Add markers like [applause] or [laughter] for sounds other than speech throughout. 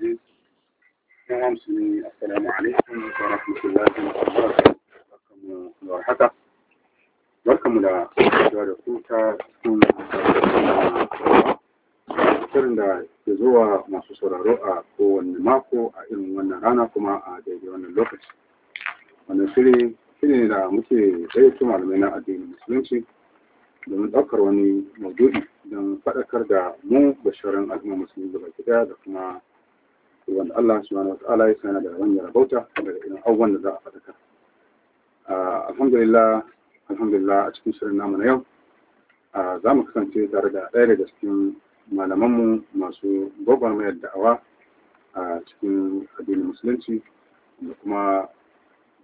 العزيز نعم سني السلام عليكم ورحمة الله وبركاته warhaka barkamu da kasancewa da ku ta cikin shirin da ke zuwa masu sauraro a kowane mako a irin wannan rana kuma a daidai wannan lokaci wannan shiri shine da muke gayyato malamai na addinin musulunci domin ɗaukar wani maudu'i don faɗakar da mu bashirin al'umma musulmi gaba gida da kuma wanda Allah subhanahu wata'ala ya sana da wani rabauta daga irin abubuwan da za a fadaka alhamdulillah alhamdulillah a cikin shirin namu na yau za mu kasance tare da ɗaya daga cikin malamanmu masu mayar da'awa a cikin addinin musulunci da kuma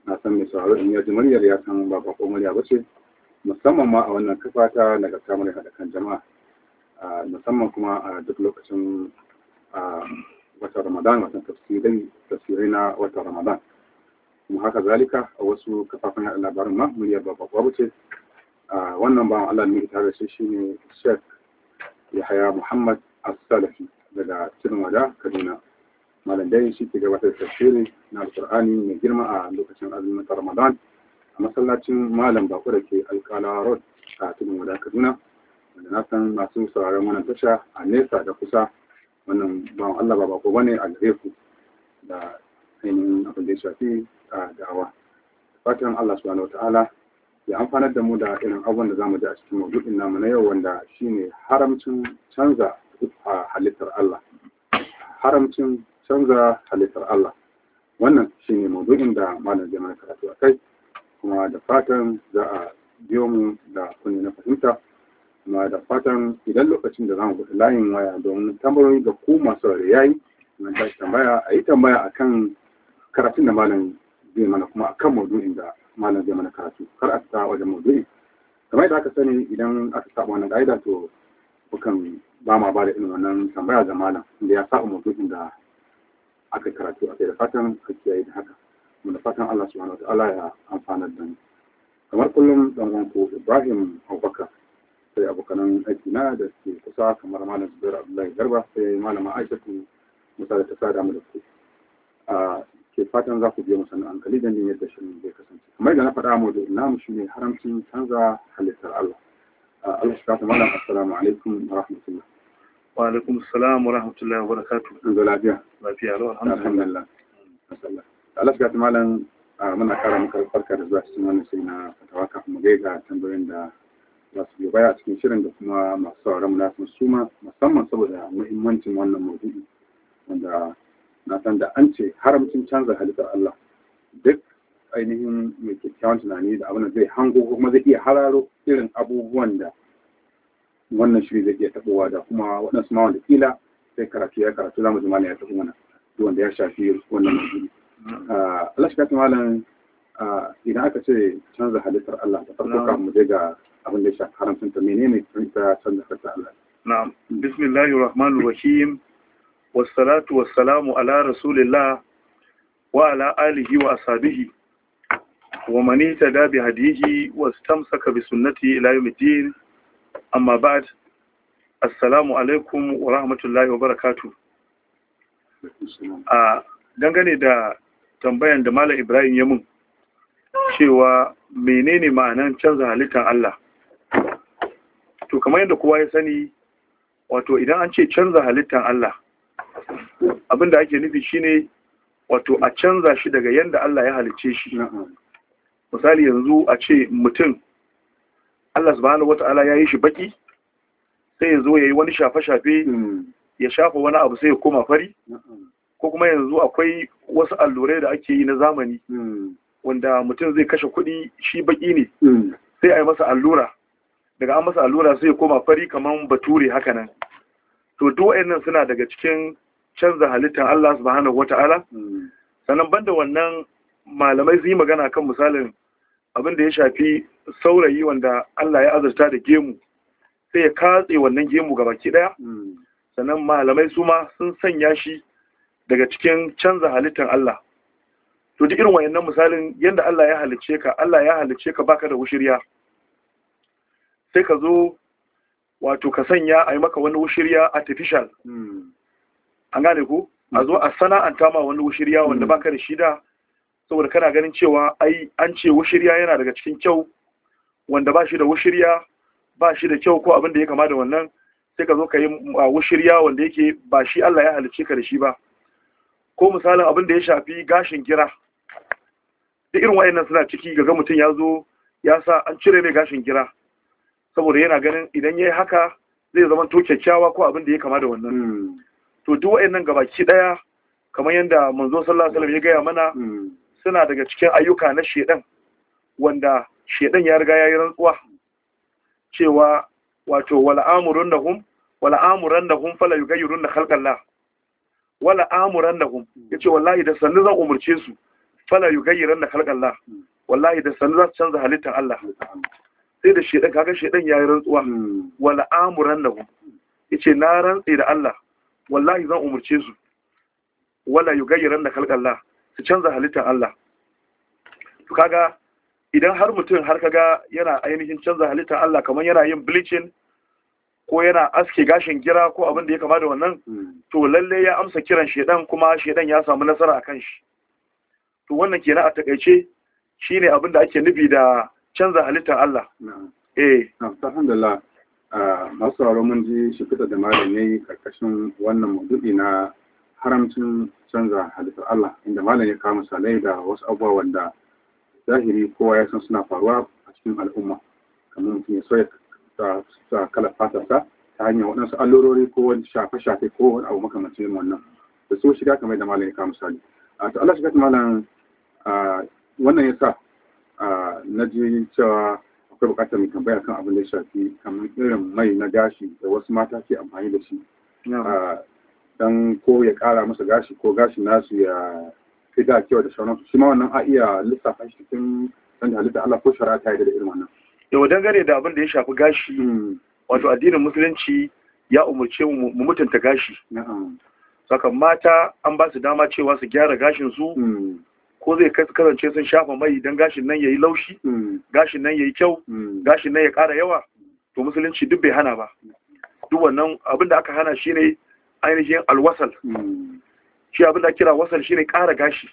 na san mai sauraro in yaji muryar ya san ba ba murya ba ce musamman ma a wannan kafa ta daga samun haɗa kan jama'a musamman kuma a duk lokacin watan ramadan watan tafsirai tafsirai na watan ramadan kuma haka zalika a wasu kafafen yaɗa labarin ma muryar babu ce. wannan bawan allah ne tare da shi ne shek yahaya muhammad as-salafi daga wada kaduna malam dai shi ke gabatar da tafsiri na alƙur'ani mai girma a lokacin azumin ramadan a masallacin malam bako da ke alkala road a wada kaduna wanda na san masu sauraron wannan tasha a nesa da kusa wannan ba Allah ba ko bane a gare ku da ainihin abin da ya shafi a da'awa fatan Allah subhanahu wata'ala ya amfanar da mu da irin abun da za mu ji a cikin maudu'in namu na yau wanda shine haramcin canza halittar Allah haramcin canza halittar Allah wannan shine maudu'in da malam jama'a karatu a kai kuma da fatan za a biyo mu da kunne na fahimta kuma da fatan idan lokacin da zamu buɗe layin waya don tambayoyi ga ku masu rare yayi mun ta tambaya a yi tambaya a kan karatun da malam zai mana kuma a akan maudu'in da malam zai mana karatu kar a ta wajen maudu'in kamar yadda aka sani idan aka saba wannan ka'ida to bukan ba ma ba da irin wannan tambaya ga malam inda ya saba maudu'in da aka karatu a kai da fatan ka kiyaye da haka kuma da fatan Allah subhanahu wa ta'ala ya amfana da ni. kamar kullum dan uwanku Ibrahim Abubakar sai abokanan aiki na da suke kusa kamar malam zubair abdullahi garba sai malama aisha musa da ta mu da ku ke fatan za ku biya musan hankali da niyyar da shirin zai kasance kamar da na faɗa mu da namu shine haramcin canza halittar Allah Allah shi malam assalamu alaikum wa rahmatullah wa wa rahmatullahi kara muka da zuwa cikin sai na fatawa kafin mu ga tambayoyin da masu su biyo baya a cikin shirin da kuma masu sauraron mu na suma musamman saboda muhimmancin wannan maudu'i wanda na san da an ce haramcin canza halittar Allah duk ainihin mai kyakkyawan tunani da abin da zai hango ko kuma zai iya hararo irin abubuwan da wannan shiri zai iya tabowa da kuma waɗansu ma wanda kila sai karatu ya karatu zamu ji malam ya tafi mana wanda ya shafi wannan maudu'i ah, Allah shi ka malam ah, idan aka ce canza halittar Allah da farko kafin mu je ga abin da shafi haramcin ta menene ta canza fata Allah na'am bismillahir rahmanir rahim wassalatu wassalamu ala rasulillah wa ala alihi wa ashabihi wa man ihtada bi hadihi wastamsaka bi sunnati ila yawmiddin amma ba'd assalamu alaikum wa rahmatullahi wa barakatuh a dangane da tambayan da malam Ibrahim ya mun cewa menene ma'anan canza halittar Allah to kamar yadda kowa ya sani wato idan an ce canza halittar Allah abinda ake nufi shine wato a canza shi daga yadda Allah ya halicce shi misali yanzu a ce mutum Allah subhanahu wata'ala ya yi shi baki sai ya zo ya yi wani shafe-shafe hmm. ya shafa wani abu sai ya koma fari ko kuma yanzu akwai wasu allurai da ake yi na zamani hmm. wanda mutum zai kashe kuɗi shi baki ne hmm. sai a yi masa allura daga an masa allura sai ya koma fari kaman bature haka nan to duk wayannan suna daga cikin canza halittar Allah subhanahu wata'ala sannan banda wannan malamai sun yi magana kan misalin abin da ya shafi saurayi wanda Allah ya azurta da gemu sai ya katse wannan gemu ga baki daya sannan malamai su ma sun sanya shi daga cikin canza halittar Allah to duk irin wa'annan misalin yanda Allah ya halicce ka Allah ya halicce ka baka da wushirya sai ka zo wato ka sanya a yi maka wani wushirya artificial hmm. an gane ku? a zo a sana'anta ma wani wushirya wanda hmm. baka da shi saboda kana ganin cewa ai an ce wushirya yana daga cikin kyau wanda ba shi da wushirya ba shi da kyau ko abin da ya kama da wannan sai ka zo ka yi wushirya wanda yake ba shi Allah ya halicce ka da shi ba ko misalin abin da ya shafi gashin gira Duk irin wa'annan suna ciki ga mutum ya zo ya sa an cire mai gashin gira saboda yana ganin idan ya yi haka zai zama to kyakkyawa ko abin da ya kama da wannan hmm. to duk wa'annan gabaki daya kamar yadda manzo sallallahu alaihi wasallam ya gaya mana hmm. suna daga cikin ayyuka na shedan wanda shedan ya riga yayi rantsuwa cewa wato wala amurunhum wala amurannahum fala yughayyirunna khalqalla wala amurannahum yace wallahi da sannu zan umurce su fala yughayyirunna khalqalla hmm. wallahi da sannu za su canza halittar Allah sai da shedan kaga shedan yayi rantsuwa hmm. wala amuran nahu yace na rantsi da Allah wallahi zan umurce su wala yugayiran da kalqalla su canza halittar Allah to kaga idan har mutum har kaga yana ainihin canza halittar Allah kamar yana yin bleaching ko yana aske gashin gira ko abin da ya kama da wannan hmm. to lalle ya amsa kiran shedan kuma shedan ya samu nasara akan shi to wannan kenan a takaice shine abin da ake nufi da canza halittar Allah eh alhamdulillah masu sauraron mun ji shi shimfiɗa da malam yayi karkashin wannan maudu'i na haramcin canza halittar Allah inda malam ya kawo misalai da wasu abubuwa wanda zahiri kowa ya san suna faruwa a cikin al'umma kamar mutum ya soya ta fatar fatarsa ta hanyar waɗansu allurori ko wani shafe-shafe ko wani abu makamancin wannan da so shiga kamar da malam ya kawo misali a ta Allah shiga malam wannan ya sa na ji cewa akwai bukatar mu tambaya kan abin da ya shafi kamar irin mai na gashi da wasu mata ke amfani da shi ah, dan ko ya ƙara masa gashi ko gashi nasu ya fi da kyau da sauransu shi ma wannan a iya lissafa shi cikin dan da halitta Allah ko shara ta yi da irin wannan yau dangane da abin da ya shafi gashi hmm. wato addinin musulunci ya umarce mu mutunta gashi saka mata an ba su dama cewa su gyara gashin su hmm. ko zai kasance sun shafa mai idan gashin nan ya yi laushi mm. gashin nan ya yi kyau mm. gashin nan ya ƙara yawa to musulunci duk bai hana ba duk wannan abinda aka hana shi ne ainihin alwasal mm. shi abinda kira wasal shi ne ƙara gashi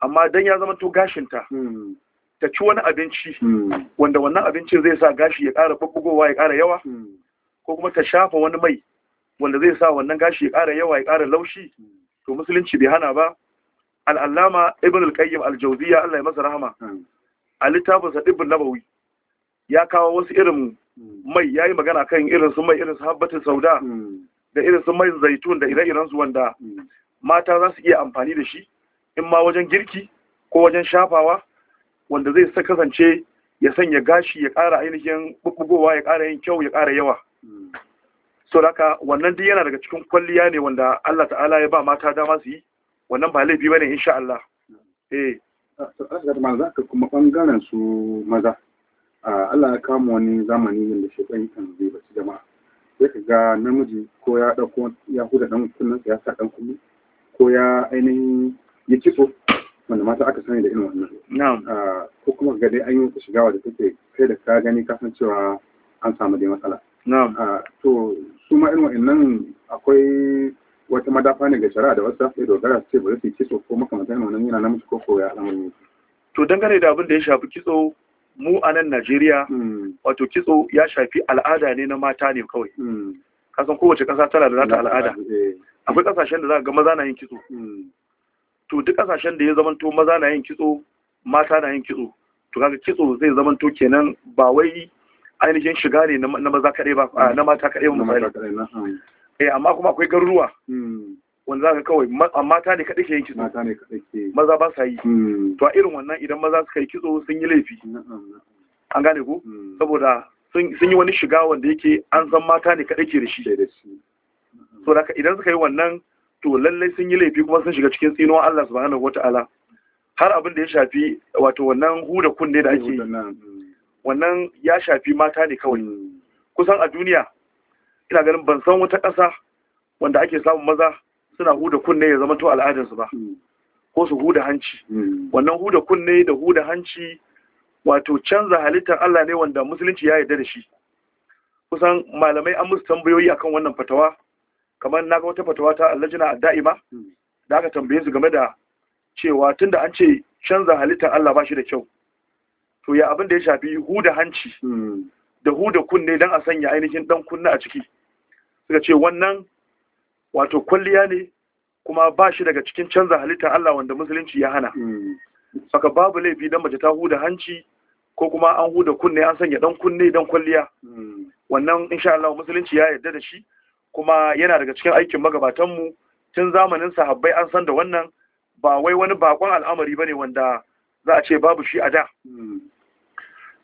amma don ya zama to gashinta ta ci wani abinci wanda wannan abincin zai sa gashi ya ƙara ɓaɓɓugowa ya ƙara yawa ko kuma ta shafa wani mai wanda zai sa wannan gashi ya ƙara yawa ya ƙara laushi to musulunci bai hana ba al'allama ibn al-qayyim al Allah ya masa rahama hmm. a littafinsa ibn nabawi ya kawo wasu irin hmm. mai ya yi magana kan irin su mai irin su habbatin sauda hmm. da irin su mai zaitun da ire-iren su wanda mata za su iya amfani da shi in ma wajen girki ko wajen shafawa wanda zai sa kasance ya sanya gashi ya ƙara ainihin bubbugowa ya ƙara yin kyau ya ƙara yawa so haka wannan duk yana daga cikin kwalliya ne wanda Allah ta'ala ya ba mata dama su yi wannan ba laifi bane insha Allah eh asar ma za ka kuma bangaren su maza Allah ya kama wani zamani yadda shekani kan zai baci jama'a sai ka ga namiji ko ya dauko ya huda dan kunnen ya sa dan kunni ko ya ainihin ya kiso wanda mata aka sani da irin wannan na'am ko kuma ga dai an yi shiga wa da take kai da ka gani ka san cewa an samu dai matsala na'am to su ma irin wa'annan akwai wata madafa ne ga shari'a da wasu za su iya dogara su ce ba su kitso ko makamantan wannan yana namiji ko ko ya al'amari to dangane da abin da ya shafi kitso mu a nan Najeriya hmm. wato kitso ya shafi al'ada ne na mata ne kawai hmm. kasan kowace ƙasa tana da nata al'ada eh. akwai ƙasashen da za ga maza na yin kitso hmm. to duk ƙasashen da ya zamanto maza na yin kitso mata na yin kitso to kaga kitso zai zamanto kenan ba wai ainihin shiga ne na maza kaɗai ba na mata kaɗai ba misali eh amma kuma akwai garuruwa hmm. wanda za ka kawai mata ne kaɗai ke yin kitso maza ba sa yi hmm. to a irin wannan idan maza suka yi kitso sun yi laifi an gane ku hmm. saboda sun yi wani shiga wanda yake an san mata ne kaɗai ke da shi so da idan suka yi wannan to lallai sun yi laifi kuma sun shiga cikin tsinuwa Allah subhanahu wata'ala har abin da ya shafi wato wannan huda kunne da ake yi wannan ya shafi mata ne kawai kusan a duniya ina ganin ban san wata ƙasa wanda ake samun maza suna huda kunne ya zama to al'adarsu ba hmm. ko su huda hanci hmm. wannan huda kunne da huda hanci wato canza halittar Allah ne wanda musulunci ya yarda da shi kusan malamai an musu tambayoyi akan wannan fatawa kamar na ga wata fatawa ta allajina da'ima hmm. da aka tambaye su game da cewa tunda an ce canza halittar Allah ba shi da kyau to ya abin da ya shafi huda hanci da huda kunne dan a sanya ainihin dan kunne a ciki suka ce wannan wato kwalliya ne kuma ba shi daga cikin canza halitta Allah wanda musulunci ya hana hmm. saka babu laifi dan mace ta huda hanci ko kuma an huda kunne an sanya dan kunne dan kwalliya hmm. wannan insha Allah musulunci ya yarda da shi kuma yana daga cikin aikin magabatan mu tun zamanin sahabbai an san da wannan ba wai wani bakon al'amari bane wanda za a ce babu shi a da hmm.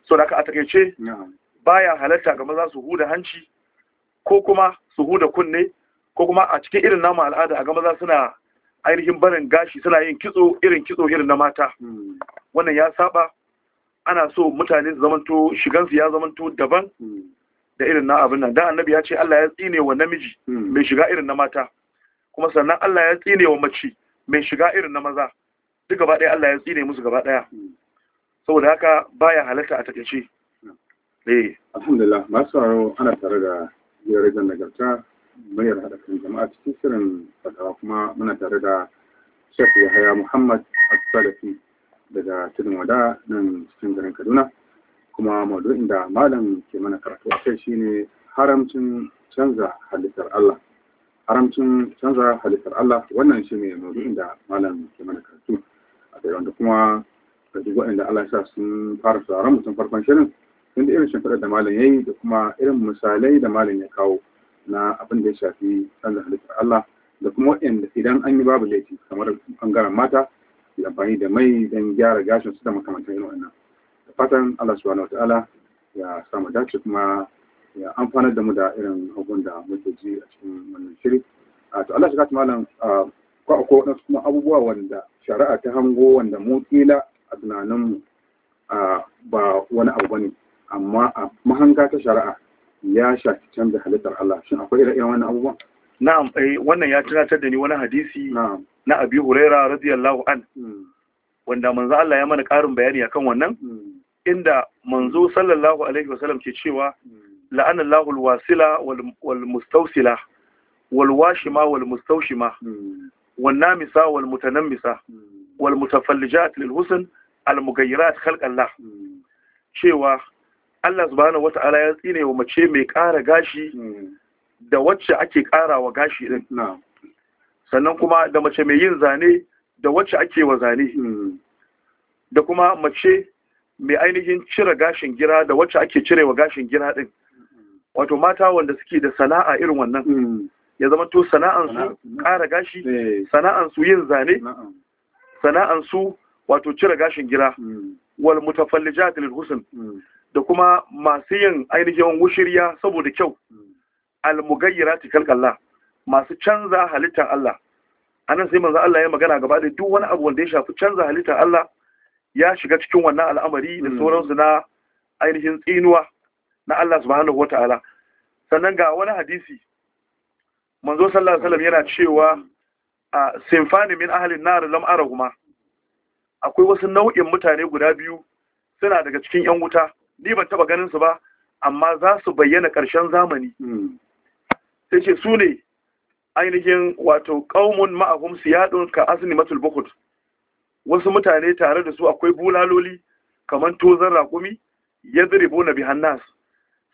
so da ka a takaice baya halatta ga maza su huda hanci ko kuma su huda kunne ko kuma a cikin irin nama al'ada a ga maza suna ainihin barin gashi suna yin kitso irin kitso irin na mata hmm. wannan ya saba ana so mutane su zamanto shigansu ya zamanto daban hmm. da irin na abin nan da annabi ya ce Allah ya tsine wa namiji hmm. mai shiga irin na mata kuma sannan Allah ya tsine wa mace mai shiga irin na maza duk gaba ɗaya Allah ya tsine musu gaba ɗaya saboda haka baya halatta a takaice eh alhamdulillah masu ana tare da darajar nagarta muryar haɗa kan jama'a cikin shirin fadawa kuma muna tare da Sheikh Yahaya Muhammad Asalafi daga Tudun Wada nan cikin garin Kaduna kuma maudu'in da malam ke mana karatu a kai shine haramcin canza halittar Allah haramcin canza halittar Allah wannan shi ne maudu'in da malam ke mana karatu a kai wanda kuma da duk waɗanda Allah ya sa sun fara sauraron mutum farkon shirin kun da irin shimfiɗar da malam ya yi da kuma irin misalai da malam ya kawo na abin da ya shafi canza halittar Allah da kuma waɗanda idan an yi babu laifi kamar ɓangaren mata da amfani da mai don gyara gashin su da makamantar irin wannan da fatan Allah subhanahu wataala ya samu dace kuma ya amfanar da mu da irin abun da muke ji a cikin wannan shiri a to Allah shi gata malam ko akwai waɗansu kuma abubuwa wanda shari'a ta hango wanda mu kila a tunaninmu ba wani abu bane amma a mahanga ta shari'a ya shafi canza halittar Allah shin akwai irin wannan abubuwan na'am eh wannan ya tunatar da ni wani hadisi na Abi Huraira radiyallahu an hmm. wanda manzo Allah ya mana karin bayani akan wannan hmm. inda manzo sallallahu alaihi wasallam ke cewa hmm. la'ana Allahu alwasila wal mustawsila wal washima wal mustawshima wan namisa wal mutanammisa wal mutafallijat lil husn al mughayyirat khalq Allah cewa Allah wata wata'ala ya tsine wa mace mai ƙara gashi hmm. da wacce ake ƙarawa gashi din sannan kuma da mace mai yin zane da wacce ake wa zane hmm. da kuma mace mai ainihin cire gashin gira da wacce ake cire wa gashin gira din hmm. wato mata wanda suke da sana'a irin wannan ya zama to sana'ansu ƙara gashi eh. sana'ansu yin zane sana'ansu wato cire gashin gira wal mutafallijatil husn da kuma masu yin ainihin wushirya saboda kyau almugayyara tikal masu canza halittar Allah anan sai manzo Allah ya magana gaba da duk wani abu wanda ya shafi canza halittar Allah ya shiga cikin wannan al'amari da hmm. sauransu na ainihin tsinuwa na Allah subhanahu wata'ala sannan ga wani hadisi manzo sallallahu alaihi yana cewa a sinfani min ahlin nar lam arahuma akwai wasu nau'in mutane guda biyu suna daga cikin yan wuta ni ban taba ganin su ba amma za su bayyana ƙarshen zamani hmm. sai ce su ne ainihin wato ƙaumun ma'ahum yaɗin ka asini matul bukut wasu mutane tare da su akwai bulaloli kamar tozan raƙumi ya ziribo na bihannas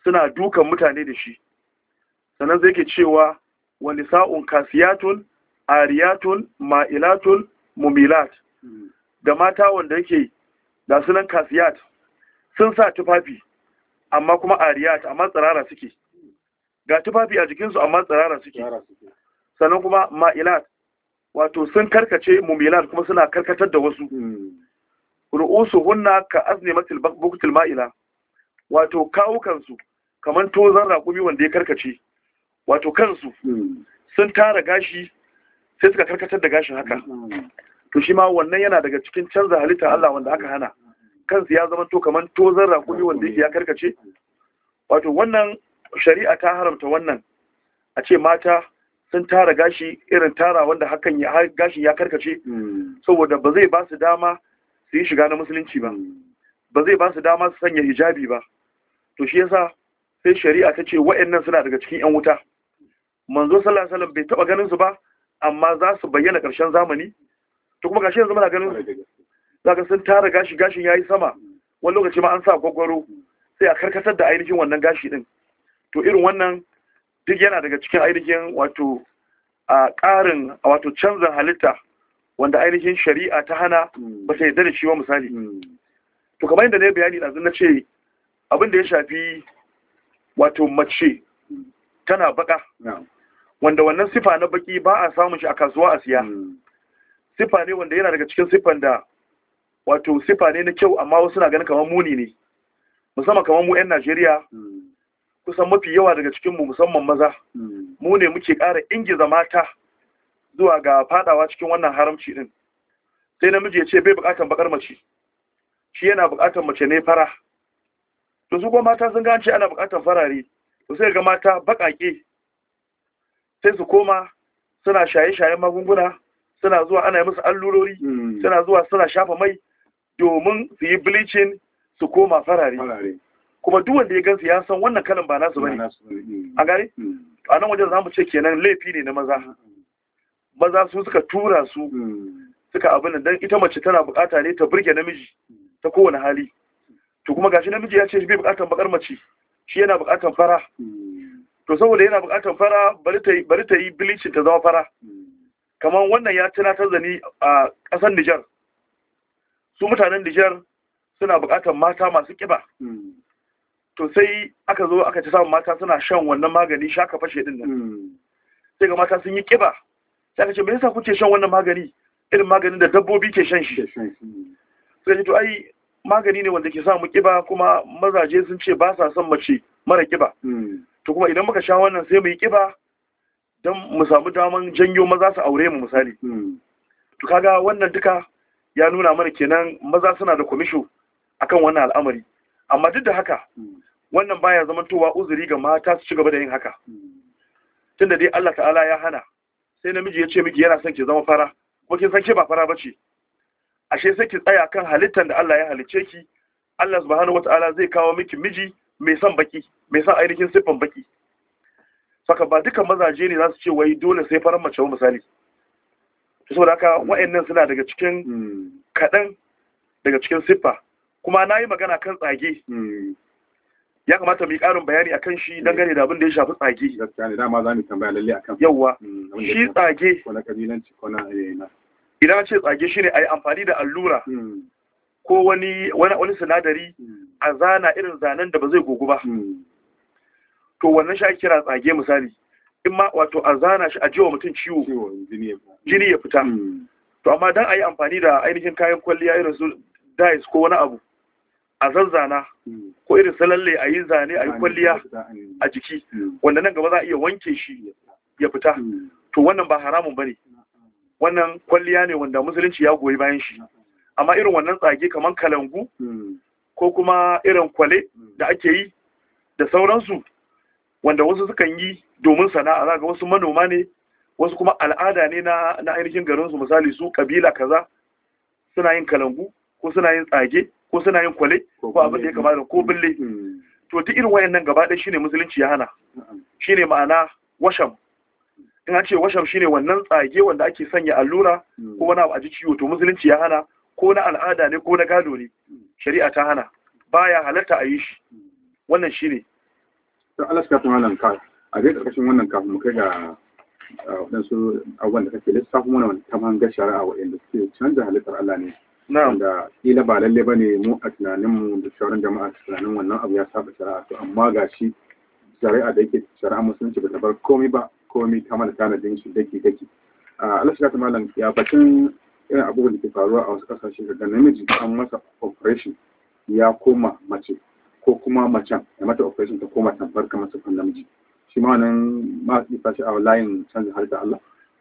suna dukan mutane da shi sannan zai ke cewa wani sa'un kasiyatun ariyatun ma'ilatun mumilat hmm. da mata wanda yake da sunan kasiyat sun sa tufafi amma kuma ariyat amma tsirara suke ga tufafi a jikinsu amma tsirara suke sannan kuma ma'ilat wato sun karkace mumilat kuma suna karkatar da wasu hmm. ru'usu hunna ka azne matil bukutul ma'ila wato kawukansu kamar tozan raƙumi wanda ya karkace wato kansu hmm. sun tara gashi sai suka karkatar da gashin haka hmm. to shi ma wannan yana daga cikin canza halitta Allah wanda aka hana kansu ya zama to kamar tozon rakumi wanda yake ya karkace wato wannan shari'a ta haramta wannan a ce mata sun tara gashi irin tara wanda hakan ya gashi ya karkace hmm. saboda ba zai ba su dama su yi shiga na musulunci ba ba zai ba su dama su sanya hijabi ba to shi yasa sai shari'a ta ce wa'annan suna daga cikin yan wuta manzo sallallahu alaihi wasallam bai taba ganin su ba amma za su bayyana ƙarshen zamani to kuma gashi yanzu muna ganin su zaka sun tara gashi gashin yayi sama wani lokaci ma an sa gwagwaro sai a karkatar da ainihin wannan gashi din to irin wannan duk yana daga cikin ainihin wato a ƙarin wato canzan halitta wanda ainihin shari'a ta hana hmm. ba ta yarda da shi wa misali hmm. to kamar yadda na bayani ɗazu na ce abin da ya shafi wato mace tana baka wanda wannan sifa na baki ba a samun shi a kasuwa a siya hmm. sifa ne wanda yana daga cikin siffan da wato sifa ne na kyau amma wasu na ganin kamar muni ne musamman kamar mu 'yan najeriya hmm. kusan mafi yawa daga cikin mu musamman maza hmm. mu ne muke ƙara ingiza mata zuwa ga fadawa cikin wannan haramci din sai namiji ya ce bai buƙatar bakar mace shi yana buƙatar mace ne fara to su kuma mata sun gance ana buƙatar farare to sai ga mata baƙaƙe sai su koma suna shaye-shayen magunguna suna zuwa ana yi musu allurori hmm. suna zuwa suna shafa mai domin su yi bleaching su koma farare kuma duk wanda ya gansu ya san wannan kalan ba nasu bane a eh. gare hmm. a nan wajen zamu ce kenan laifi ne na maza hmm. maza su suka tura su hmm. suka abin dan ita mace tana bukata ne ta burge namiji ta kowane hali to kuma gashi namiji ya ce shi bai bukatan bakar mace shi yana bukatan fara to saboda yana bukatan fara bari ta bari ta yi bleaching ta zama fara kamar wannan ya tunatar da a kasar Nijar su mutanen Nijar suna bukatar mata masu kiba hmm. to sai aka zo aka ci samun mata suna shan wannan magani shaka fashe din nan hmm. sai ga mata sun yi kiba sai aka ce me yasa kuke shan wannan magani irin maganin da dabbobi ke shan shi hmm. sai ce to ai magani ne wanda ke sa mu ƙiba kuma mazaje sun ce ba sa son mace mara kiba to kuma idan muka sha wannan sai mu yi ƙiba don mu samu daman janyo maza su aure mu misali to kaga wannan duka ya nuna mana kenan maza suna da komisho akan wannan al'amari amma duk da haka hmm. wannan baya zamantowa uzuri ga mata su ci gaba da yin haka hmm. tunda dai Allah ta'ala ya hana sai namiji ya ce miki yana son ki zama fara ko kin san ke ba fara bace ashe sai ki tsaya kan halittar da Allah ya halice ki Allah subhanahu wata'ala zai kawo miki miji mai son baki mai son ainihin siffan baki saka ba dukan mazaje ne za su ce wai dole sai farar mace misali saboda haka wa'annan suna daga cikin hmm. kaɗan daga cikin siffa kuma na yi magana kan tsage hmm. ya kamata mu yi ƙarin bayani a kan shi don gane da abin da ya shafi tsage yawwa hmm, shi tsage eh, idan ce tsage shi ne a yi amfani da allura ko wani wani sinadari a zana irin zanen da ba zai gogu ba to wannan shi ake kira tsage misali in ma wato a zana shi a jiwa mutum ciwo jini ya fita hmm. to amma dan a yi amfani da ainihin kayan kwalliya irin su dice ko wani abu a zazzana hmm. ko irin salalle a yi zane a yi kwalliya a jiki hmm. wanda nan gaba za a iya wanke shi ya fita to wannan ba haramun ba ne wannan kwalliya ne wanda musulunci ya goyi bayan shi amma irin wannan tsage kamar kalangu ko kuma irin kwale da ake yi da sauransu wanda wasu sukan yi domin sana'a za ga wasu manoma ne wasu kuma al'ada ne na na ainihin su, misali su kabila kaza suna yin kalangu ko suna yin tsage ko suna yin kwale ko abin da ya kamata ko bille mm. to duk irin wayannan gaba ɗaya shine musulunci ya hana shine ma'ana washam in an ce washam shine wannan tsage wanda ake sanya allura mm. ko wani abu a ji ciwo to musulunci ya hana ko na al'ada ne ko na gado ne mm. shari'a ta hana baya halarta a yi shi wannan shine to Allah ka tuma nan ka a dai karkashin wannan kafin mu kai ga waɗansu abubuwan da kake lissafa mana wani ta hangar shari'a wa inda suke canza halittar Allah ne da kila ba lalle ba ne mu a tunaninmu da shawarar jama'a tunanin wannan abu ya saba shari'a to amma ga shi shari'a da yake shari'a musulunci ba ta bar komai ba komai ta mana tanadin shi daki daki Allah shiga ta malam ya bakin irin abubuwan da ke faruwa a wasu ƙasashe da namiji an masa operation ya koma mace ko kuma macen da mata operation ta koma tamfar kamar kan namiji shi ma nan ma a shi a layin canza halitta Allah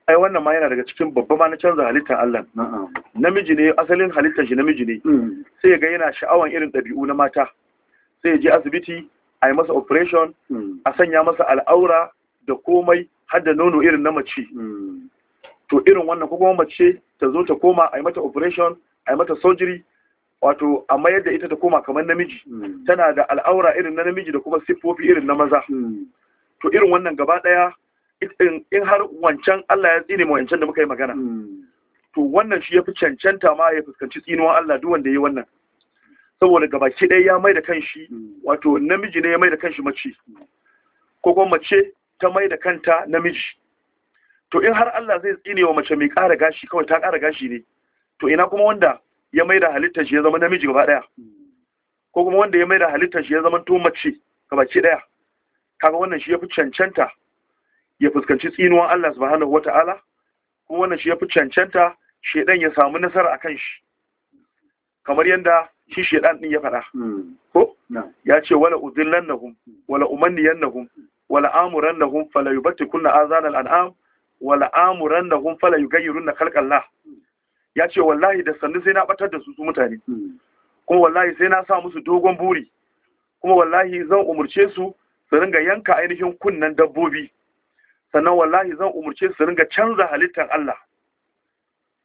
ai wannan ma yana daga cikin babba ma na canza halittar Allah namiji ne asalin halittar shi namiji ne hmm. sai ga yana sha'awan irin ɗabi'u na mata sai ya je asibiti a yi masa operation hmm. a sanya masa al'aura da komai har da nono irin na mace hmm. to irin wannan ko kuma mace ta zo ta koma a yi mata operation a yi mata surgery wato a mayar da ita ta koma kamar namiji hmm. tana da al'aura irin na namiji da kuma siffofi irin na maza hmm. to irin wannan gaba daya in har wancan Allah ya tsine mu wancan da muka yi magana hmm. to wannan shi yafi cancanta ma ya fuskanci tsinuwan Allah duk wanda yi wannan saboda gaba ki dai ya mai da kanshi wato namiji ne ya mai da kanshi mace ko kuma mace ta mai da kanta namiji to in har Allah zai tsine wa mace mai ƙara gashi kawai ta ƙara gashi ne to ina kuma wanda ya maida halittar shi ya zama namiji gaba daya ko kuma wanda ya maida halittar shi ya zama to mace gabaki daya kaga wannan shi yafi cancanta ya fuskanci tsinuwan Allah subhanahu wataala kuma wannan shi yafi cancanta shedan ya samu nasara akan shi kamar yanda shi shedan din ya faɗa ko ya ce wala udillannahum wala umanniyannahum wala amurannahum fala kunna azanal an'am wala amurannahum fala yughayyirunna khalqallah ya ce wallahi da sannu sai na batar da su su mutane kuma wallahi sai na sa musu dogon buri kuma wallahi zan umarce su su ringa yanka ainihin kunnen dabbobi sannan wallahi zan umarci su ringa canza halittar Allah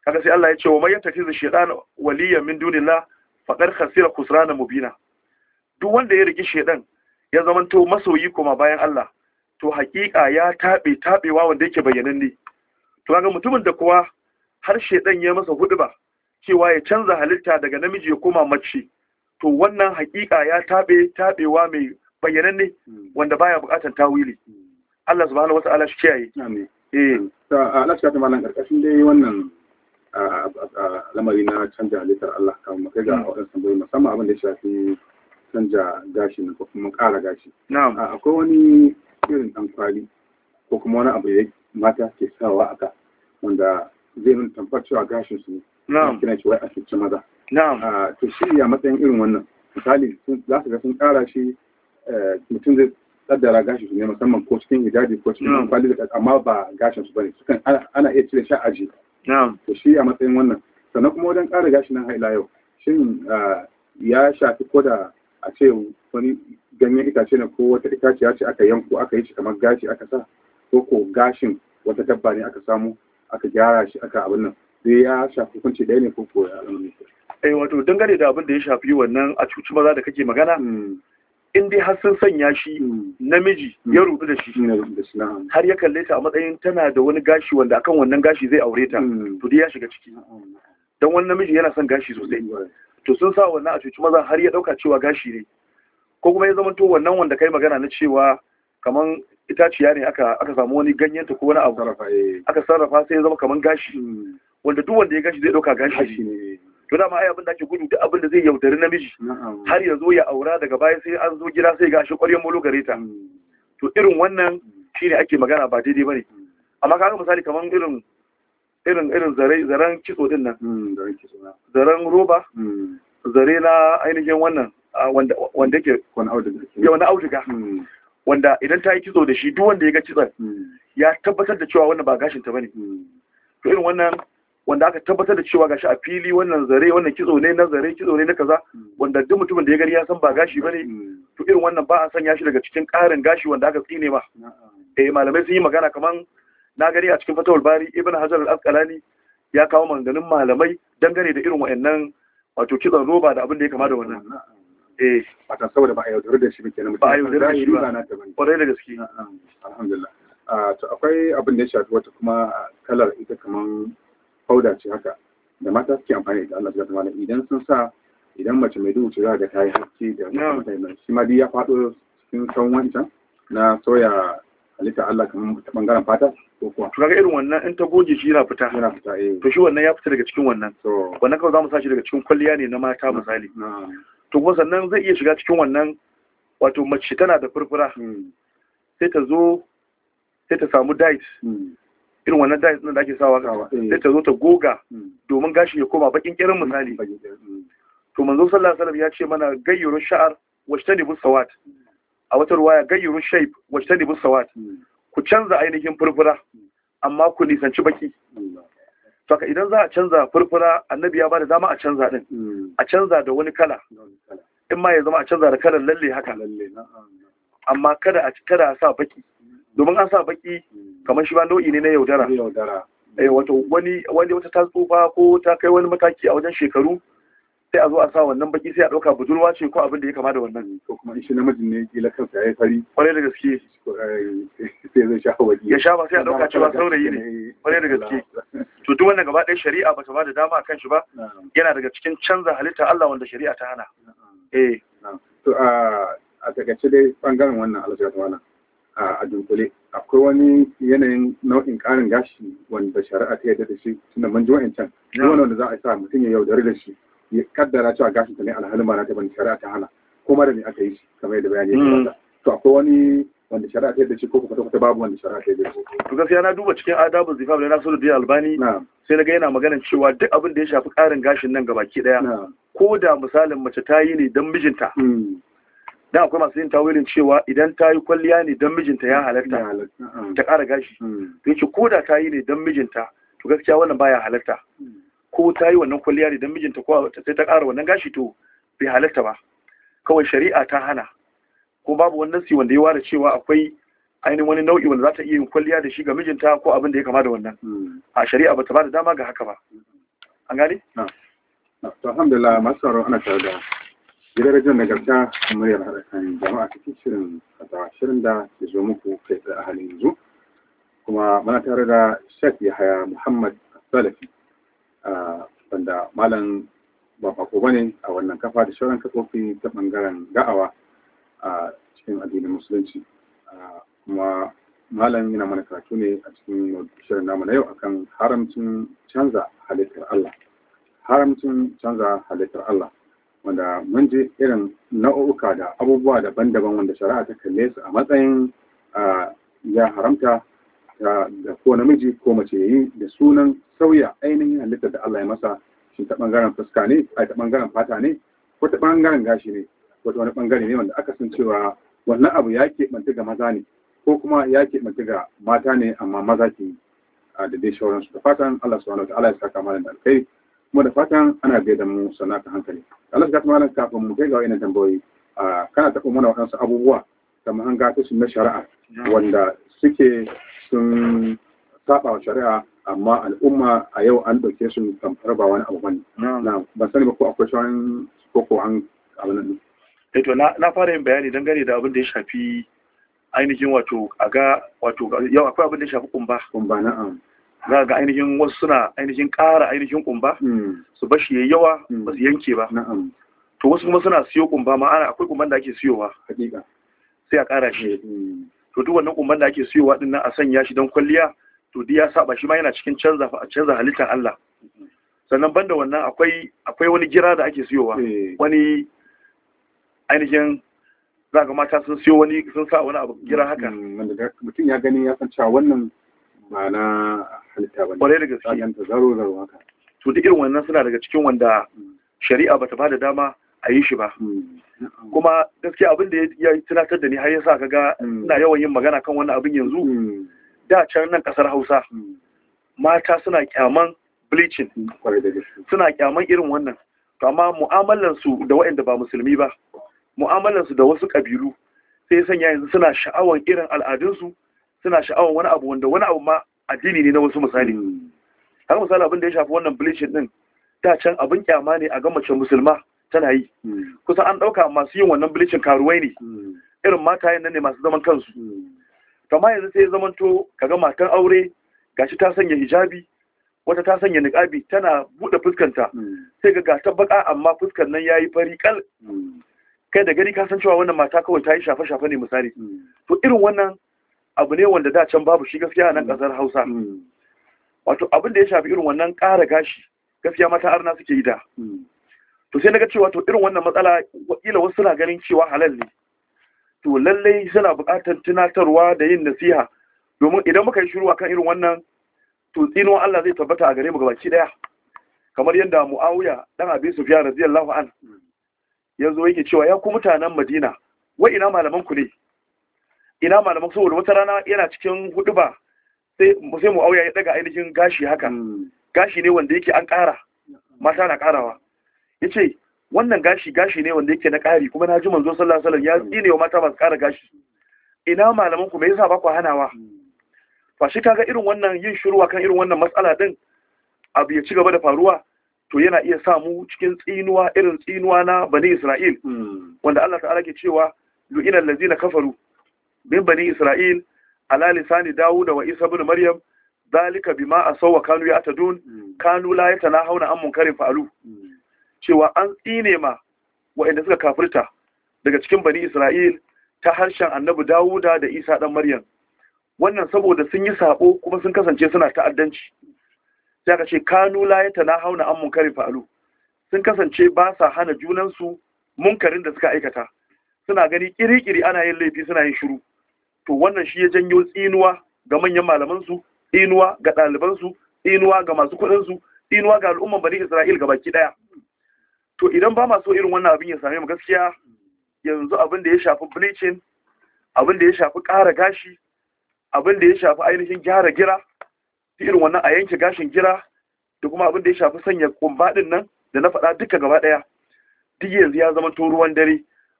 kaga sai Allah ya ce wa man yattakizu shaytan waliyan min dunillah faqad khasira khusrana mubina duk wanda ya riki shaytan ya zamanto masoyi kuma bayan Allah to haƙiƙa ya tabe tabewa wanda yake bayyananne to kaga mutumin da kuwa har shedan ya masa ba, cewa ya canza halitta daga namiji ya koma mace to wannan hakika ya tabe tabewa mai bayyananne wanda baya bukatan tawili Allah subhanahu wata'ala shi kiyaye amin eh ta Allah ta malan karkashin dai wannan lamari na canja halitta Allah kan makai ga mm. wannan tambayi musamman abin da ya shafi canja gashi ne ko kuma ƙara gashi na'am akwai wani irin dan kwali ko kuma wani abu da mata ke sawa aka wanda zai nuna tamfar cewa gashin su ne kina cewa a cikin maza ah, to shi ya matsayin irin wannan misali za su ga sun kara shi eh, mutum zai tsaddara gashin su ne musamman ko cikin hijabi ko cikin kwali da amma ba gashin su bane sukan ana iya cire shi a ji to shi ya matsayin wannan sannan kuma wajen kara gashin nan haila yau shin ah, ya shafi ko da a ce wani ganyen itace ne ko wata itaciya ce aka yanku aka yi shi kamar gashi aka sa ko ko gashin wata dabba ne aka samu aka gyara shi aka abin nan sai ya shafi hukunci ɗaya ne ko ko ya eh wato dangane da abin da ya shafi wannan a cuci maza da kake magana hmm. in dai har sun sanya shi hmm. namiji hmm. ya rubu da shi har ya kalle ta a matsayin tana da wani gashi wanda akan wannan gashi zai aure ta to dai ya shiga ciki dan wani namiji yana son gashi sosai to sun sa wannan a cuci maza har ya dauka cewa gashi ne ko kuma ya zama to wannan wanda kai magana na cewa kaman itaciya ne aka samu wani ganyen ta ko wani abu eh. aka sarrafa sai ya zama kamar gashi mm. wanda duk wanda ya gashi zai dauka gashi ne to da ma ai abin da ake gudu duk abin da zai yaudari namiji har ya zo ya aura daga baya sai an zo gida sai gashi ƙwaryar molo gare ta mm. to irin wannan shine ake magana ba daidai bane mm. amma ka ga misali kamar irin irin irin zare zaren kitso din nan zaren roba zare na ainihin wannan wanda wanda yake wani auduga wanda idan ta yi kitso da shi duk wanda ya ga kitson hmm. ya tabbatar da cewa wannan ba gashin ta bane hmm. to irin wannan wanda aka tabbatar da cewa gashi a fili wannan zare wannan kitso ne na zare kitso ne na kaza hmm. wanda duk mutumin da ya gani ya san ba gashi bane to irin wannan ba a sanya shi daga cikin ƙarin gashi wanda aka tsine ba. eh malamai sun yi magana kaman na gani a cikin fatawul bari ibn hajar al-asqalani ya kawo maganganun malamai dangane da irin wa'annan wato kitson roba da abin da ya kama da wannan eh watan saboda ba a yaudari da shi ba kenan ba a yaudari da shi ba ta kwarai da gaske alhamdulillah ah, to akwai abin da ya shafi wata kuma kalar ita kaman fauda ce haka da mata suke amfani da Allah subhanahu wataala idan sun sa idan mace mai duhu ce za ga ta yi haske da mutane shi ma ya faɗo cikin tsawon wancan na soya halitta Allah kaman ta bangaren fata ko kuwa to kaga irin wannan in ta goge shi yana fita yana fita eh to shi wannan ya fita daga cikin wannan wannan kawai za mu sa shi daga cikin kwalliya ne na mata misali to kuma sannan zai iya shiga cikin wannan wato mace tana da furfura hmm. sai ta zo sai ta samu diet hmm. irin wannan diet din da ake sawa kawa hmm. sai ta zo ta goga domin gashi ya koma bakin kirin misali to manzo sallallahu alaihi wasallam ya ce mana gayyuru sha'ar wajtanibu sawat a wata ruwaya gayyuru shape wajtanibu sawat ku canza ainihin furfura amma ku nisanci baki saka idan za a canza furfura annabi ya ba da dama a canza din hmm. a canza da wani kala in ma ya zama a canza da kalan lalle haka amma kada a kada a sa baki domin an sa baki hmm. kamar shi ba nau'i ne na yaudara eh wato wani wani wata ta tsufa ko ta kai wani mataki a wajen shekaru sai a zo a sa wannan baki sai a ɗauka budurwa ce ko abin da ya kama da wannan ko kuma shi namijin ne kila kansa ya fari kwarai da gaske eh, sai zai sha waje ya sha ba sai a ɗauka ba saurayi ne kwarai da gaske to duk wannan gaba ɗaya shari'a ba ta ba da dama a kan shi ba yana daga cikin canza halitta Allah wanda shari'a ta hana eh to a a takaice dai bangaren wannan alajar wannan a dunkule akwai wani yanayin nau'in ƙarin gashi wanda shari'a ta yadda da shi tunan manjuwa can wani wanda za a sa mutum ya yaudari da shi ya kaddara cewa gashin ta ne alhalin ba na ta bane shari'a ta hana kuma da ne aka yi shi kamar yadda bayani ya kamata mm. to akwai wani wanda shari'a ta yadda shi ko kuma ta babu wanda shari'a ta yadda shi to gaskiya na duba cikin adabu zifaf da Nasiru Diyar Albani sai na ga yana maganar cewa duk abin da ya shafi ƙarin gashin nan gabaki daya ko da misalin mace ta yi ne don mijinta mm. da akwai masu yin tawilin cewa idan ta yi kwalliya ne don mijinta ya halatta ta ƙara gashi mm. to ce ko da ta yi ne don mijinta to gaskiya wannan baya halarta ko ta yi wannan kwalliya ne don mijinta ko sai ta ƙara wannan gashi to bai halarta ba kawai shari'a ta hana ko babu wannan si wanda ya ware cewa akwai ainihin wani nau'i wanda za ta iya yin kwalliya da shi ga mijinta ko abin da ya kama da wannan a shari'a ba ta ba da dama ga haka ba an gane? alhamdulillah masu sauran ana tare da gidan rajin da garta muryar kan jama'a cikin shirin shirin da ke zo muku kai tsaye a halin yanzu kuma muna tare da shafi yahaya muhammad salafi wanda malam ba fako bane a wannan kafa da shauran kafofi ta bangaren da'awa a cikin addinin musulunci kuma malam yana mana karatu ne a cikin shirin namu na yau akan haramcin canza halittar Allah haramcin canza halittar Allah wanda mun je irin nau'uka da abubuwa daban-daban wanda shari'a ta kalle su a matsayin ya haramta da ko namiji ko mace yayi da sunan sauya ainihin halittar da Allah ya masa shi ta bangaren fuska ne ai ta bangaren fata ne ko ta bangaren gashi ne ko ta wani bangare ne wanda aka san cewa wannan abu ya keɓanta ga maza ne ko kuma ya keɓanta ga mata ne amma maza ke da dai shawararsu da fatan Allah subhanahu wa ta'ala ya saka malam da alkai kuma da fatan ana gaida mu sannan ka hankali Allah ya malam kafin mu kai ga wannan tambayoyi kana taɓa mana waɗansu abubuwa kamar an gata su na shari'a wanda suke sun saba wa shari'a amma al'umma a yau an ɗauke su kamfar ba wani abu bane na ban sani ba ko akwai shawaran koko an abin nan eh to na fara yin bayani dangane da abin da ya shafi ainihin wato a ga wato yau akwai abin da ya shafi kumba kumba na'am za ga ainihin wasu suna ainihin ƙara ainihin kumba hmm. su bashi yayi yawa hmm. ba su yanke ba na'am to wasu kuma suna siyo kumba ma akwai kumban da ake siyowa hakika sai a ƙara shi hmm. to duk wannan kumban da ake siyowa din nan a sanya shi don kwalliya to duk ya saba shi ma yana cikin canza canza halittar Allah sannan banda wannan akwai akwai wani gira da ake siyowa eh. wani ainihin za ga mata sun siyo wani sun sa wani abu gira haka mm, mutum ya gani ya san cewa wannan ba na halitta ba ne da gaske zaro zaro haka to duk irin wannan suna daga cikin wanda mm. shari'a bata ba da dama a yi shi ba mm. kuma gaskiya abin da ya tunatar da ni har yasa kaga mm. ina yawan yin magana kan wannan abin yanzu mm. da can nan kasar Hausa mata suna kyaman bleaching suna kyaman irin wannan to amma mu'amalan su da waɗanda ba musulmi ba mu'amalan su da wasu kabilu sai sanya yanzu suna sha'awan irin al'adunsu suna sha'awan wani abu wanda wani abu ma addini ne na wasu misali har misali abin da ya shafi wannan bleaching din da can abin kyama ne a ga mace musulma tana yi hmm. kusan an ɗauka masu yin wannan bilicin karuwai ne hmm. irin matayen nan ne masu zaman kansu kama hmm. yanzu sai ya zamanto kaga matan aure gashi ta sanya hijabi wata ta sanya niƙabi tana buɗe fuskanta sai ga gata baka amma fuskan nan yayi fari kal kai da gani ka san cewa wannan mata kawai ta yi shafe-shafe ne misali to irin wannan abu ne wanda da can babu shi gaskiya nan ƙasar Hausa wato abin da ya shafi irin wannan ƙara gashi gaskiya mata arna suke yi da to sai naga cewa to irin wannan matsala wakila wasu suna ganin cewa halal ne to lallai suna buƙatar tunatarwa da yin nasiha domin idan muka yi shiru akan irin wannan to tsinuwa Allah zai tabbata a gare mu gabaki daya kamar yadda Muawiya dan Abi Sufyan radiyallahu an zo yake cewa ya ku mutanen Madina wa ina malaman ku ne ina malaman saboda wata rana yana cikin huduba sai sai Muawiya ya daga ainihin gashi haka, hmm. gashi ne wanda yake an ƙara mata na ƙarawa ya ce wannan gashi gashi ne wanda yake na ƙari kuma na ji manzo sallallahu alaihi wasallam ya tsine wa mata masu ƙara gashi ina malaman ku me yasa ba ku hanawa fa shi kaga irin wannan yin shiruwa kan irin wannan matsala din abu ya ci gaba da faruwa to yana iya sa mu cikin tsinuwa irin tsinuwa na bani Isra'il mm. wanda Allah ta'ala ke cewa lu'inan allazina kafaru min bani Isra'il ala lisani Dawud wa Isa ibn Maryam zalika bima asaw kanu ya ya'tadun mm. kanu la yatanahawna an munkarin fa'alu mm. cewa an tsine ma waɗanda suka kafirta daga cikin bani Isra'il ta harshen annabi Dawuda da Isa ɗan Maryam. Wannan saboda sun yi saɓo kuma sun kasance suna ta'addanci. Sai aka ce kanu layata na hauna an munkarin fa'alu. Sun kasance ba sa hana junansu munkarin da suka aikata. Suna gani kirikiri ana yin laifi suna yin shiru. To wannan shi ya janyo tsinuwa ga manyan malamansu, tsinuwa ga ɗalibansu, tsinuwa ga masu kuɗinsu, tsinuwa ga al'umman bani Isra'il baki ɗaya. to idan ba ma so irin wannan abin ya same mu gaskiya yanzu abin da ya shafi bleaching abin da ya shafi ƙara gashi abin da ya shafi ainihin gyara gira irin wannan a yanke gashin gira da kuma abin da ya shafi sanya kumba din nan da na faɗa duka gaba ɗaya duk yanzu ya zama to ruwan dare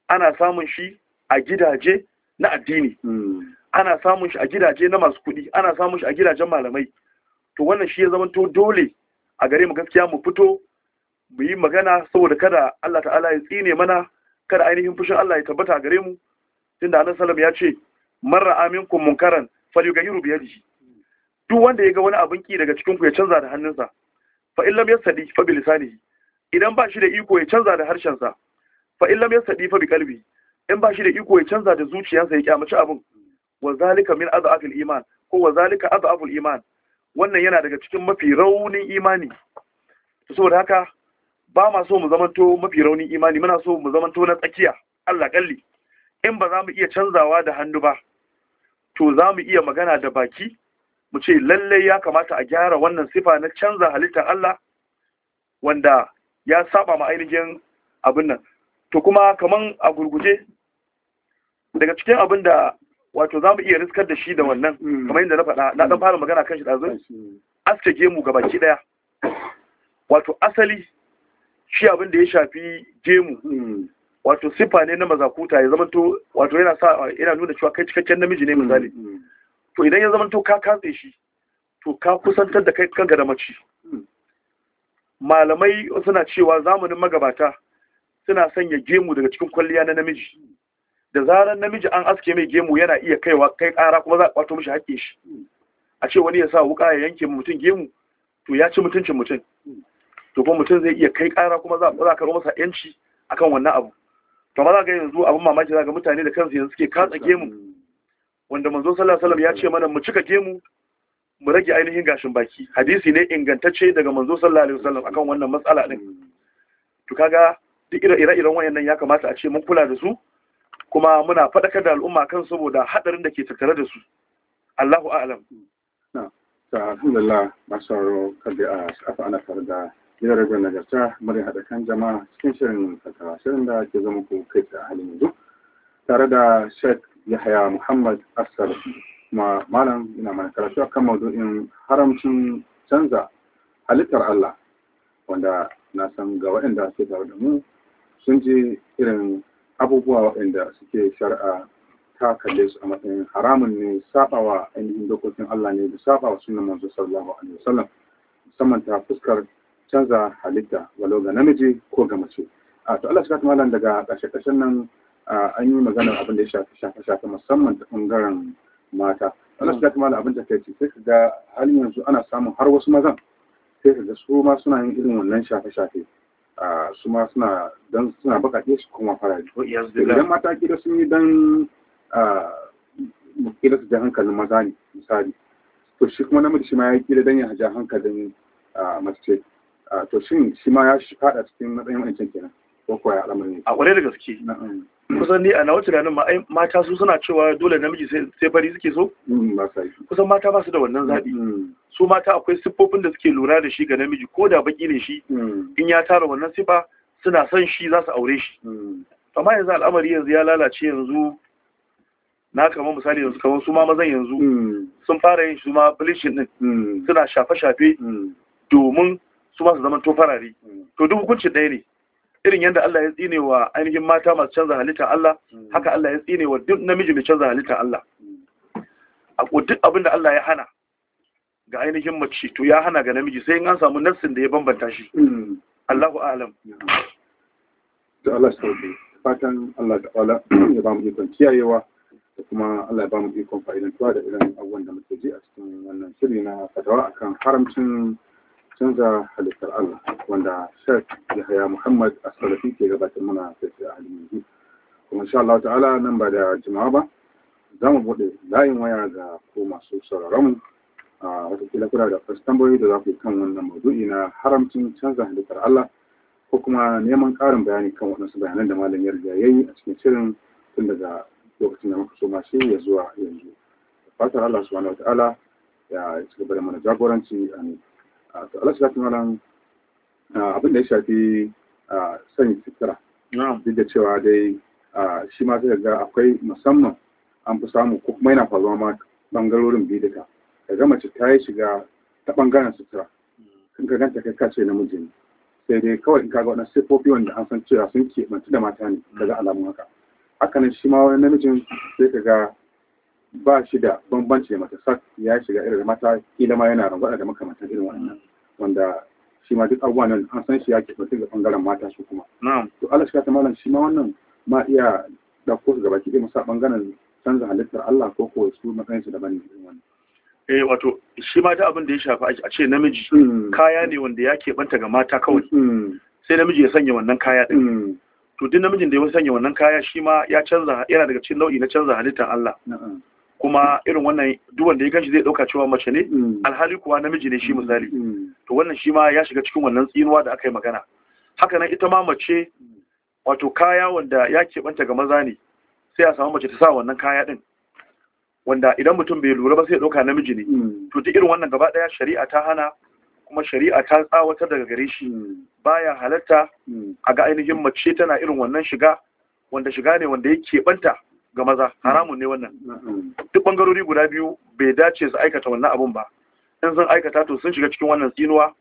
ana samun shi a gidaje na addini ana samun shi a gidaje na masu kuɗi ana samun shi a gidajen malamai to wannan shi ya zama to dole a gare mu gaskiya mu fito mu yi magana saboda kada Allah ta'ala ya tsine mana kada ainihin fushin Allah ya tabbata gare mu tunda annabi sallam ya ce marra aminkum munkaran falyughayyiru bi yadihi duk wanda ya ga wani abin ki daga cikin ku ya canza da hannunsa fa in lam yasadi fa bi lisanihi idan ba shi da iko ya canza da harshen sa, fa in lam yasadi fa bi qalbi in ba shi da iko ya canza da zuciyarsa ya kyamaci abin wa zalika min adhafil iman ko wa zalika adhaful iman wannan yana daga cikin mafi raunin imani saboda haka ba ma so mu zamanto mafi raunin imani muna so mu zamanto na tsakiya Allah kalli in ba za mu iya canzawa da hannu ba to za mu iya magana da baki mu ce lallai ya kamata a gyara wannan sifa na canza halittar Allah wanda ya saba ma ainihin abin nan to kuma kaman a gurguje daga cikin abin da wato za mu iya riskar da shi da wannan mm. kamar yadda na faɗa na ɗan fara magana kan shi ɗazu aske gemu ga baki ɗaya wato asali shi abin da ya shafi gemu hmm. wato sifa ne na mazakuta ya zamanto wato yana sa yana nuna cewa kai cikakken namiji ne misali hmm. Hmm. to idan ya zamanto ka katse shi to ka kusantar da kai kanka da mace malamai suna cewa zamanin magabata suna sanya gemu daga cikin kwalliya na namiji da zaran namiji an aske mai gemu yana iya kaiwa kai kara kuma za a kwato mishi haƙƙin shi a ce wani ya sa wuka ya yanke mutum gemu to ya ci mutuncin mutum to kuma mutum zai iya kai ƙara kuma za a karo masa yanci akan wannan abu to ma za ga yanzu abin mamaki za ga mutane da kansu yanzu suke katsa gemu wanda manzo sallallahu alaihi wasallam ya ce mana mu cika gemu mu rage ainihin gashin baki hadisi ne ingantacce daga manzo sallallahu alaihi wasallam akan wannan matsala din to kaga duk ire-iren wayannan ya kamata a ce mun kula da su kuma muna fadakar da al'umma kan saboda haɗarin da ke tattare da su Allahu a'lam na ta alhamdulillah masarro kada a ana farda gina rajon nagarta murin haɗa kan jama'a cikin shirin fatawa shirin da ke zama ku kai tsaye a halin yanzu tare da sheikh yahaya muhammad asar kuma malam ina mana karatu akan maudu'in haramcin canza halittar allah wanda na san ga waɗanda suke tare da mu sun ji irin abubuwa waɗanda suke shari'a ta kalle su a matsayin haramun ne sabawa ainihin dokokin Allah ne da sabawa sunan manzo sallallahu alaihi wasallam musamman ta fuskar canza halitta walau ga namiji ko ga mace a to Allah shi malam daga ƙarshe ƙarshen nan an yi maganar abin da ya shafi shafe shafe musamman ta ɓangaren mata Allah shi malam abin da kai sai ka ga halin yanzu ana samun har wasu mazan sai ka ga su ma suna yin irin wannan shafe shafe su ma suna dan suna baƙaƙe su kuma farari idan mata kira sun yi dan kila su ja hankalin maza ne misali to shi kuma namiji shi ma ya kira dan ya ja hankalin mace to shin shi ma ya fada cikin matsayin wancan kenan ko kuwa ya al'amari a kwarai da gaske kusan ni a nawa tunanin ma ai mata su suna cewa dole namiji sai fari suke so mm, kusan mata ba su da wannan zaɓi mm. su mata akwai siffofin da suke lura da shi ga namiji ko da baki ne shi mm. in ya tara wannan siffa suna son shi za su aure shi amma yanzu al'amari yanzu ya lalace yanzu na kama misali yanzu kamar su ma mazan yanzu sun fara yin su ma bleaching din suna shafe-shafe domin su ba su zama to farare to duk hukunci ɗaya ne irin yadda Allah ya tsine wa ainihin mata masu canza halitta Allah haka Allah ya tsine wa duk namiji mai canza halitta Allah a duk abin da Allah ya hana ga ainihin mace to ya hana ga namiji sai in an samu nafsin da ya bambanta shi Allahu a'lam da Allah sauke fatan Allah ta Allah ya ba mu ikon kiyayewa da kuma Allah ya ba mu ikon fa'idantuwa da irin abubuwan da muke ji a cikin wannan shiri na fatawa akan haramcin canza halittar Allah wanda Sheikh Yahaya Muhammad as ke gabatar mana da a halin yanzu kuma insha Allah ta'ala nan ba da jima'a ba za mu buɗe layin waya ga ko masu sauraron mu a watakila kuna da wasu tambayoyi da za ku yi kan wannan maudu'i na haramcin canza halittar Allah ko kuma neman ƙarin bayani kan waɗansu bayanan da malam ya ya yi a cikin shirin tun daga lokacin da muka so ma shi ya zuwa yanzu fatar Allah subhanahu wa ta'ala ya ci gaba da mana jagoranci amin Ah, to Allah shi malam ah, abin da ya shafi ah, sanya sutura duk da cewa dai shi ma sai ga akwai musamman an fi samu ko kuma yana faruwa ma bangarorin biyu duka daga mace ta yi shiga ta bangaren sutura Kan ka ganta kai kace namiji ne sai dai kawai in kaga waɗannan siffofi wanda an san cewa sun keɓanci da mata ne daga alamun haka hakanan shi ma wani namijin sai ka ga ba shi da bambanci da mata sak ya shiga irin mata kila ma yana rangwada da makamantan irin wannan wanda shi ma duk abubuwan nan an san shi ya keɓe ga bangaren mata su kuma to Allah shi ka malam shi ma wannan ma iya ɗauko su gabaki ɗaya musa bangaren canza halittar Allah ko ko su matsayin su daban irin wannan eh wato shi ma da abin da ya shafi a ce namiji mm. kaya ne wanda ya keɓanta ga mata kawai mm. sai namiji ya sanya wannan kaya din mm. to duk namijin da ya sanya wannan kaya shi ma ya canza yana daga cikin nau'i na canza halittar Allah kuma irin wannan duwanda ya ganshi zai dauka cewa mace ne mm. alhali kuwa namiji ne shi mm. misali mm. to wannan shi ma ya shiga cikin wannan tsinuwa da aka yi magana haka nan ita ma mace wato kaya wanda ya keɓanta ga maza ne sai a samu mace ta sa wannan kaya din wanda idan mutum bai lura ba sai ya dauka namiji ne to duk irin wannan gaba daya shari'a ta hana kuma shari'a ta tsawatar daga gare shi baya halatta a ga ainihin mace tana irin wannan shiga wanda shiga ne wanda ya keɓanta ga maza haramun ne wannan duk bangarori guda biyu bai dace su aikata wannan abun ba in sun aikata to sun shiga cikin wannan tsinuwa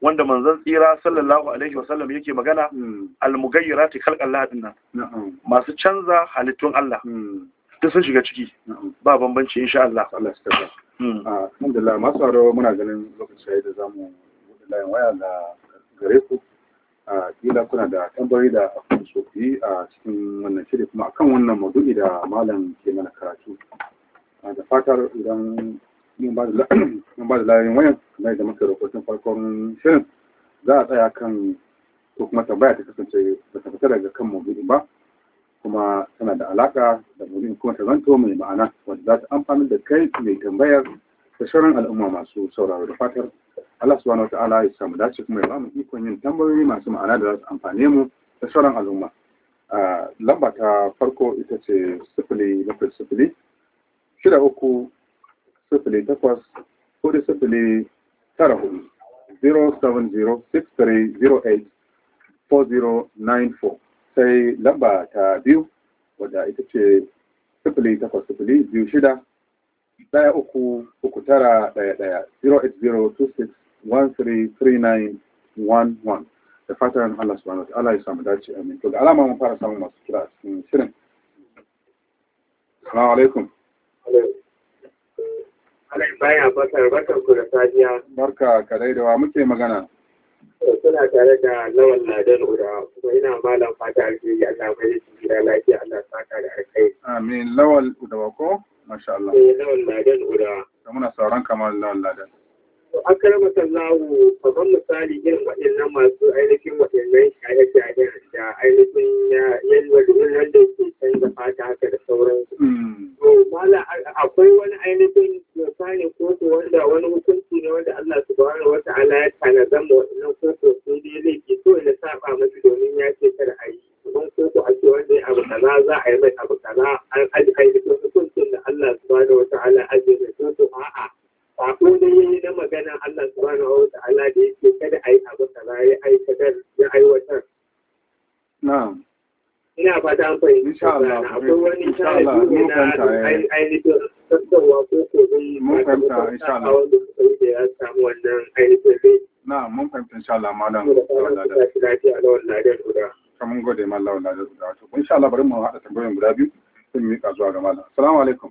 wanda manzon tsira sallallahu alaihi wa sallam yake magana al al-mughayyirati khalqan din nan masu canza halittun Allah duk sun shiga ciki ba bambanci insha Allah Allah ya ah, alhamdulillah masu muna ganin lokacin da zamu buɗe layin waya da gare ku a kila kuna da tambayoyi da akwai so a cikin wannan shiri kuma akan wannan maudu'i da malam ke mana karatu da fatar idan mun ba da [clears throat] layin wayan na da muka rahoton farkon shirin za a tsaya kan ko kuma tambaya ta kasance ba ta fita daga kan maudu'in ba kuma tana da alaka da maudu'in kuma ta zanto mai ma'ana wanda za ta amfani da kai mai tambayar da shirin al'umma masu sauraro da fatar Allah subhanahu wataala ya samu dace kuma ya ba mu ikon yin tambayoyi masu ma'ana da za su amfane mu da sauran al'umma lamba ta farko ita ce sifili bakwai sifili shida uku sifili takwas hudu sifili tara hudu 07063084094. sai lamba ta biyu wadda ita ce sifili takwas sifili biyu shida ɗaya uku uku tara ɗaya ɗaya 08026 133911 da fatan Allah subhanahu wa ya samu dace amin to da alama mun fara samun masu kira a cikin shirin assalamu alaikum alaikum baya bakar bakar ku da safiya barka ka daidawa muke magana suna tare da lawan ladan ura kuma ina malam fata alheri Allah mai jiki gida lafiya Allah saka da alkai amin lawan udawa ko masha Allah eh lawan ladan Da muna sauran kamar lawan ladan an karama sallahu kamar misali irin waɗannan masu ainihin waɗannan shaye-shaye da ainihin yalwa da wanda ke canza fata haka da sauransu. Hmm. To mala akwai wani ainihin misali ko to wanda wani hukunci ne wanda Allah subhanahu wata ta'ala ya tana zama waɗannan ko to sun dai laifi ko na saba masu domin ya ce kada a yi. Kamar ko to a ce wanda ya abu kaza za a yi mai abu kaza an aji ainihin hukuncin da Allah subhanahu wa ta'ala ajiye mai ko to a'a. sako da ya yi na magana Allah subhanahu wa ta'ala da yake kada a yi abu kaza ya aikatar ya aiwatar. Na'am. Ina fata an da sana akwai wani tarihi na eh. ainihin sassawa ko kogon masu a wanda suka yi da ya samu wannan ainihin rai. Na'am mun fahimta insha Allah malam. Kamun gode malam ladar guda. Insha Allah bari mu haɗa tambayoyin guda biyu sun miƙa zuwa ga malam. Assalamu alaikum.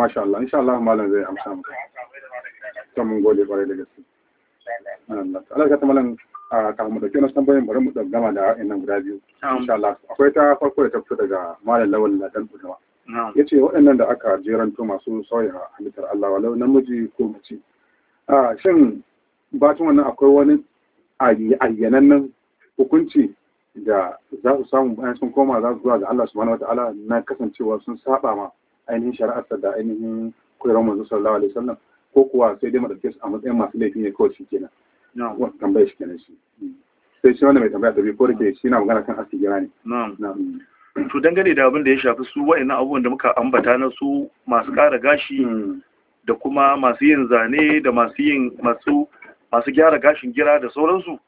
masha Allah insha Allah malam zai amsa mu to mun gode kwarai da gaske Allah Allah ka malam kafin mu dauki wani tambayoyin bari mu gama da wa'annan guda biyu insha Allah akwai ta farko da ta fito daga malam lawal ladan kudawa yace waɗannan da aka jeranto masu sauya halittar Allah walau namiji ko mace shin bacin wannan akwai wani ayyanannen hukunci da za su samu bayan sun koma za su zuwa ga Allah subhanahu wataala na kasancewa sun saba ma ainihin shari'arsa da ainihin koyarwar manzo sallallahu alaihi wasallam ko kuwa sai dai madauke a matsayin masu laifi ne kawai shi kenan na'am tambaya shi kenan shi sai shi wanda mai tambaya da ko rike shi na magana kan asigira ne na'am to dangane da abin da ya shafi su wa'annan abubuwan da muka ambata na su masu ƙara gashi hmm. da kuma masu yin zane da masu yin masu masu gyara gashin gira da sauransu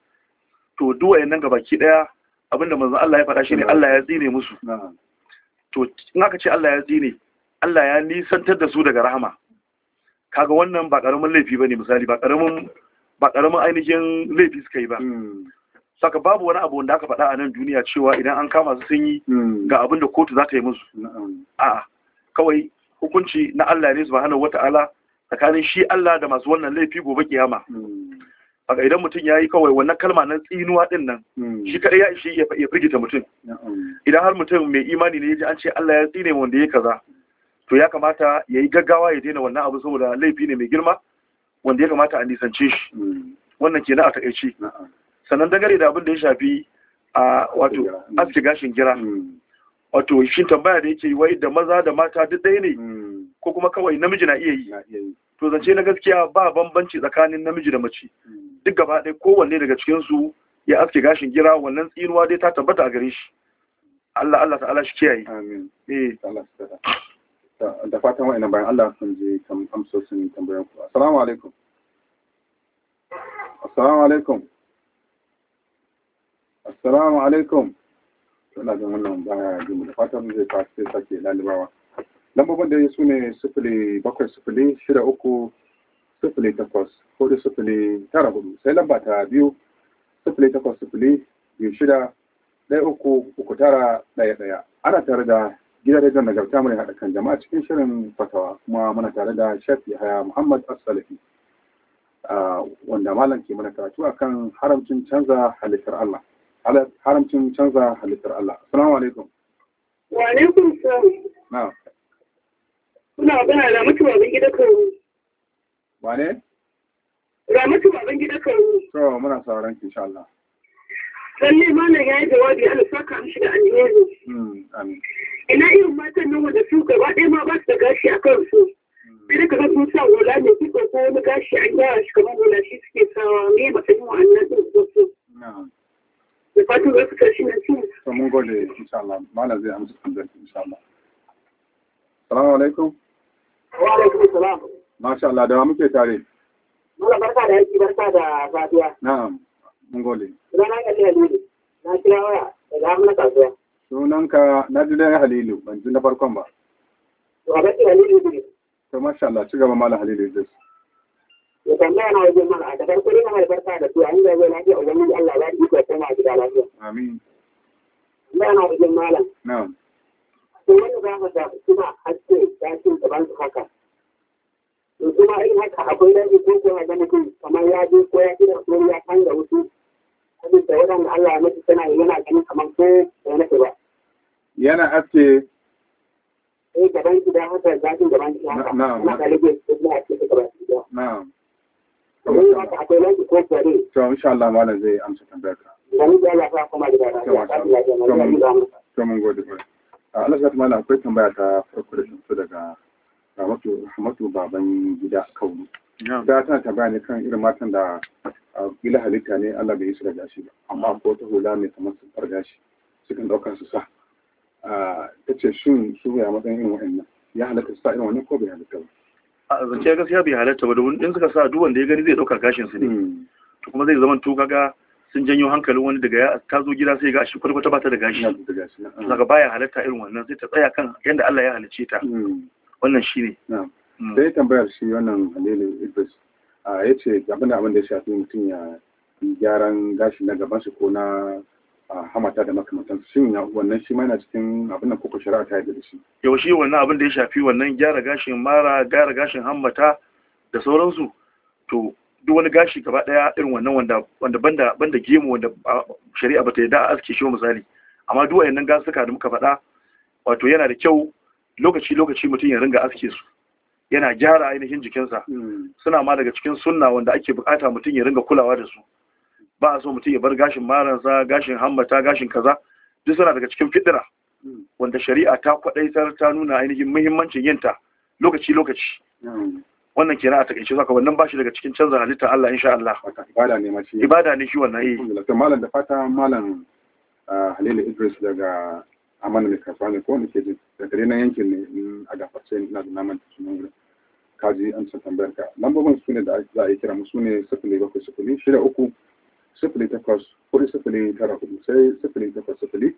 to duk wa'annan gabaki daya abinda manzon Allah ya faɗa shine hmm. Allah ya tsine musu to in aka ce Allah ya tsine Allah ya nisantar da su daga rahama kaga wannan ba karamin laifi bane misali ba karamin ba karamin ainihin laifi suka yi ba hmm. saka babu wani abu wanda aka faɗa a nan duniya cewa idan an kama su sun yi hmm. ga abin da kotu za ta yi musu a'a kawai hukunci na Allah ne su wata wata'ala tsakanin shi Allah da masu wannan laifi gobe kiyama haka hmm. idan mutum ya yi kawai wannan kalma na tsinuwa din nan shi kaɗai ya ishe ya firgita mutum idan har mutum mai imani ne ya ji an ce Allah ya tsine wanda ya kaza to ya kamata ya yi gaggawa ya daina wannan abu saboda laifi ne mai girma wanda ya kamata a nisance shi wannan kenan a taƙaice. sannan dangare da abin da ya shafi a wato aske gashin gira mm. wato shi tambaya da yake wai da maza da mata duk ɗaya ne mm. ko kuma kawai namiji na iya yi to zance na gaskiya ba bambanci tsakanin namiji da mace mm. duk gaba ɗaya kowanne daga cikin su ya aske gashin gira wannan tsinuwa dai ta tabbata a gare shi Allah Allah ta'ala shi kiyaye amin eh Allah ta'ala da fatan wa'ina bayan Allah sun je kan amsoshin tambayan ku assalamu alaikum assalamu alaikum assalamu alaikum ina jin wannan baya jin da fatan zai sai sake lalibawa lambobin da su ne sifili bakwai sufili, shida uku sufili takwas hudu sufili tara hudu sai lamba ta biyu sufili takwas sufili, biyu shida ɗaya uku uku tara ɗaya ɗaya ana tare da da rediyon nagarta mai haɗa kan jama'a cikin shirin fatawa kuma muna tare da shafi haya muhammad as wanda malam ke mana karatu akan haramcin canza halittar allah haramcin canza halittar allah assalamu alaikum wa alaikum salam na kuna magana da mutuwa ban gida kawo wane Da mutuwa ban gida kawo to muna sauran ki insha Allah lalle malam yayi jawabi Allah saka mishi da alheri hmm, amin ina irin matan nan wanda su ba ɗaya ma ba su da gashi a kansu sai da kaga sun sa wula ne su ko wani gashi an gyara shi kamar wula shi suke sawa me ba ta yi wa annan ɗin wasu da fatan za su kashi na su. to mun gode insha Allah mala zai amsa tambayar insha Allah. salamu alaikum. wa alaikum salam. masha Allah da muke tare. Muna barka da yaki barka da fatuwa. na'am mun gode. sunana ga ne na kira waya daga Amina kasuwa. Sunanka na ji dai Halilu, ban ji na farkon ba. Alhaji Halilu Idris. To masha Allah, ci gaba Malam Halilu Idris. Ya tambaya na wajen mana da farko ne na albarka da su an yi zai lafiya a ubangiji Allah ya ji ko koma gida lafiya. Amin. Tambaya na wajen malam. Na'am. To wani za mu da kuma haske ya ce gaban su haka. To kuma in haka akwai rabi ko ko ga mutum kamar ya je ko ya kira ko ya kan da wasu. Abin da waɗanda Allah ya mutu tana yana ganin kamar ko ya nufi ba. yana aske eh Ta ba Allah akwai tambaya ta farko da daga Ramatu Babangida baban gida Kauru da tana tambaya kan irin matan da kila halitta ne Allah bai yi su da gashi ba amma ko ta hula mai kamar su gashi sukan ɗauka su sa Ah, ta ce shin su ya matsayin irin wa'annan ya halatta su sa irin wannan ko bai halatta ba a zance gaskiya bai halatta ba domin in suka sa duk wanda ya gani zai ɗauka gashin su ne hmm. to kuma zai zama tuka ga sun janyo hankalin wani daga ya ta zo gida sai ga shi kwata ba ta da gashi daga baya halatta irin wannan sai ta tsaya kan yadda Allah ya halicce ta hmm. wannan shine hmm. sai tambayar shi wannan Halilu Idris ah, a ce gaban abin da ya shafi mutum ya gyaran gashi na gaban shi ko na hamata da makamantan shin wannan shi ma yana cikin abin da koko shari'a ta yarda da shi yau shi wannan abin da ya shafi wannan gyara gashin mara gyara gashin hamata da sauransu to duk wani gashi gaba daya irin wannan wanda wanda banda banda gemu wanda shari'a bata yadda a aske shi misali amma duk wayannan gasuka da muka faɗa wato yana da kyau lokaci lokaci mutum ya ringa aske su yana gyara ainihin jikinsa hmm. suna ma daga cikin sunna wanda ake bukata mutum ya ringa kulawa da su ba a so mutum ya bar gashin maransa gashin hammata gashin kaza duk suna daga cikin fidira wanda shari'a ta kwadaitar ta nuna ainihin muhimmancin yinta lokaci lokaci wannan kenan a takaice zaka wannan bashi daga cikin canza halitta Allah insha Allah ibada ne mace ibada ne shi wannan eh malam da fata malam ah, Halilu Idris daga Amana mai kasuwa ne ko nake ji Da dare nan yankin ne a gafarce ina da naman sunan gurin kaji an tambayar ka lambobin su ne da za a yi kira mu su ne sifili bakwai sifili shida uku sifili takwas hudu sifili tara hudu sai sifili takwas sifili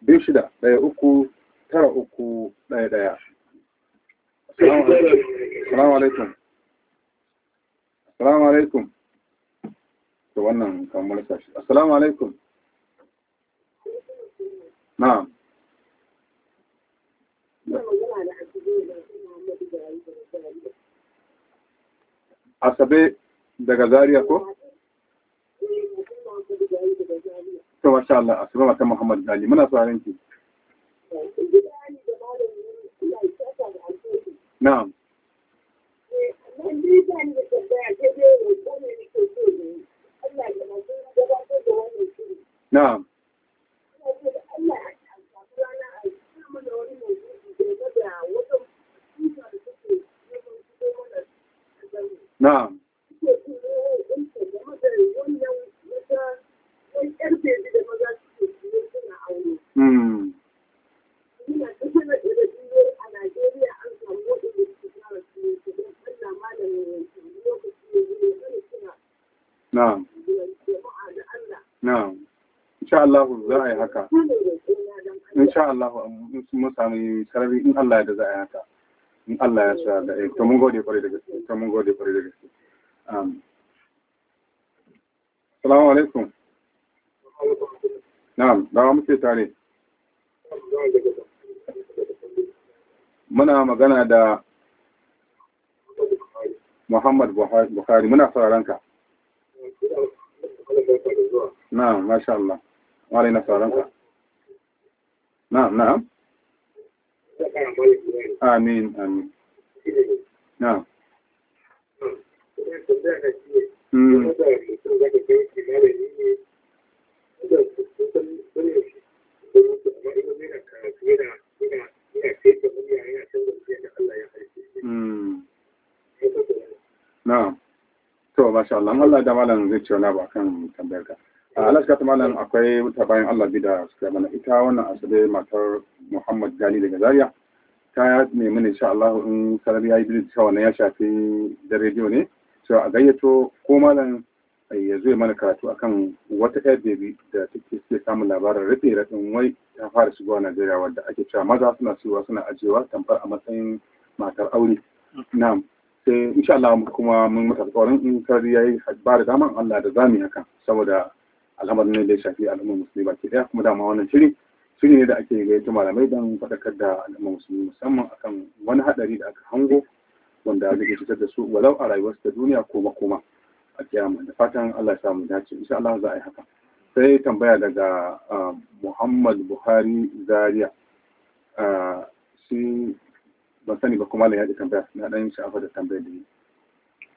biyu shida ɗaya uku tara uku ɗaya ɗaya Assalamu alaikum. Assalamu alaikum. To wannan kamar sashi. Assalamu alaikum. Na'am. Asabe daga Zaria ko? to masha Allah asma ta Muhammad Gali muna sauraron ki na'am na'am na'am na'am akwai ƴan bebi da maza a Najeriya an samu waɗanda su yanzu da Allah. yi haka. in Allah ya da za a yi haka. in Allah ya da to mun gode kwarai da gaske mun gode kwarai da gaske alaikum na'am dawa muke tare muna magana da Muhammad Buhari muna sauraron ka na'am masha Allah wale na sauraron ka na'am na'am amin amin na'am Mm. Hmm. masha Allah Allah da malam zai ce wani ba kan tambayar ka a alaska ta malam akwai ta bayan Allah bi da suka mana ita wannan asabe matar Muhammad Gali daga Zaria ta nemi insha Allah in sarari ya yi bilin cewa wannan ya shafi da rediyo ne cewa a gayyato ko malam ya zai mana karatu akan wata yar bebi da take suke samun labarin rufe raɗin wai ta fara shigowa Najeriya wadda ake cewa maza suna siyowa suna ajiyewa tamfar a matsayin matar aure. Na'am. Sai insha Allah kuma mun mata tsoron in kari yayi ba da daman Allah da zamu haka saboda al'amarin ne da ya shafi al'ummar musulmi baki ɗaya kuma dama wannan shiri shiri ne da ake gayyato malamai don faɗakar da al'ummar musulmi musamman akan wani haɗari da aka hango wanda zai cutar da su walau a rayuwarsu ta duniya ko koma. a kiyama fatan Allah ya samu dace insha Allah a yi sai tambaya daga Muhammad Buhari Zaria shi ban sani ba kuma ya ji da tambayar da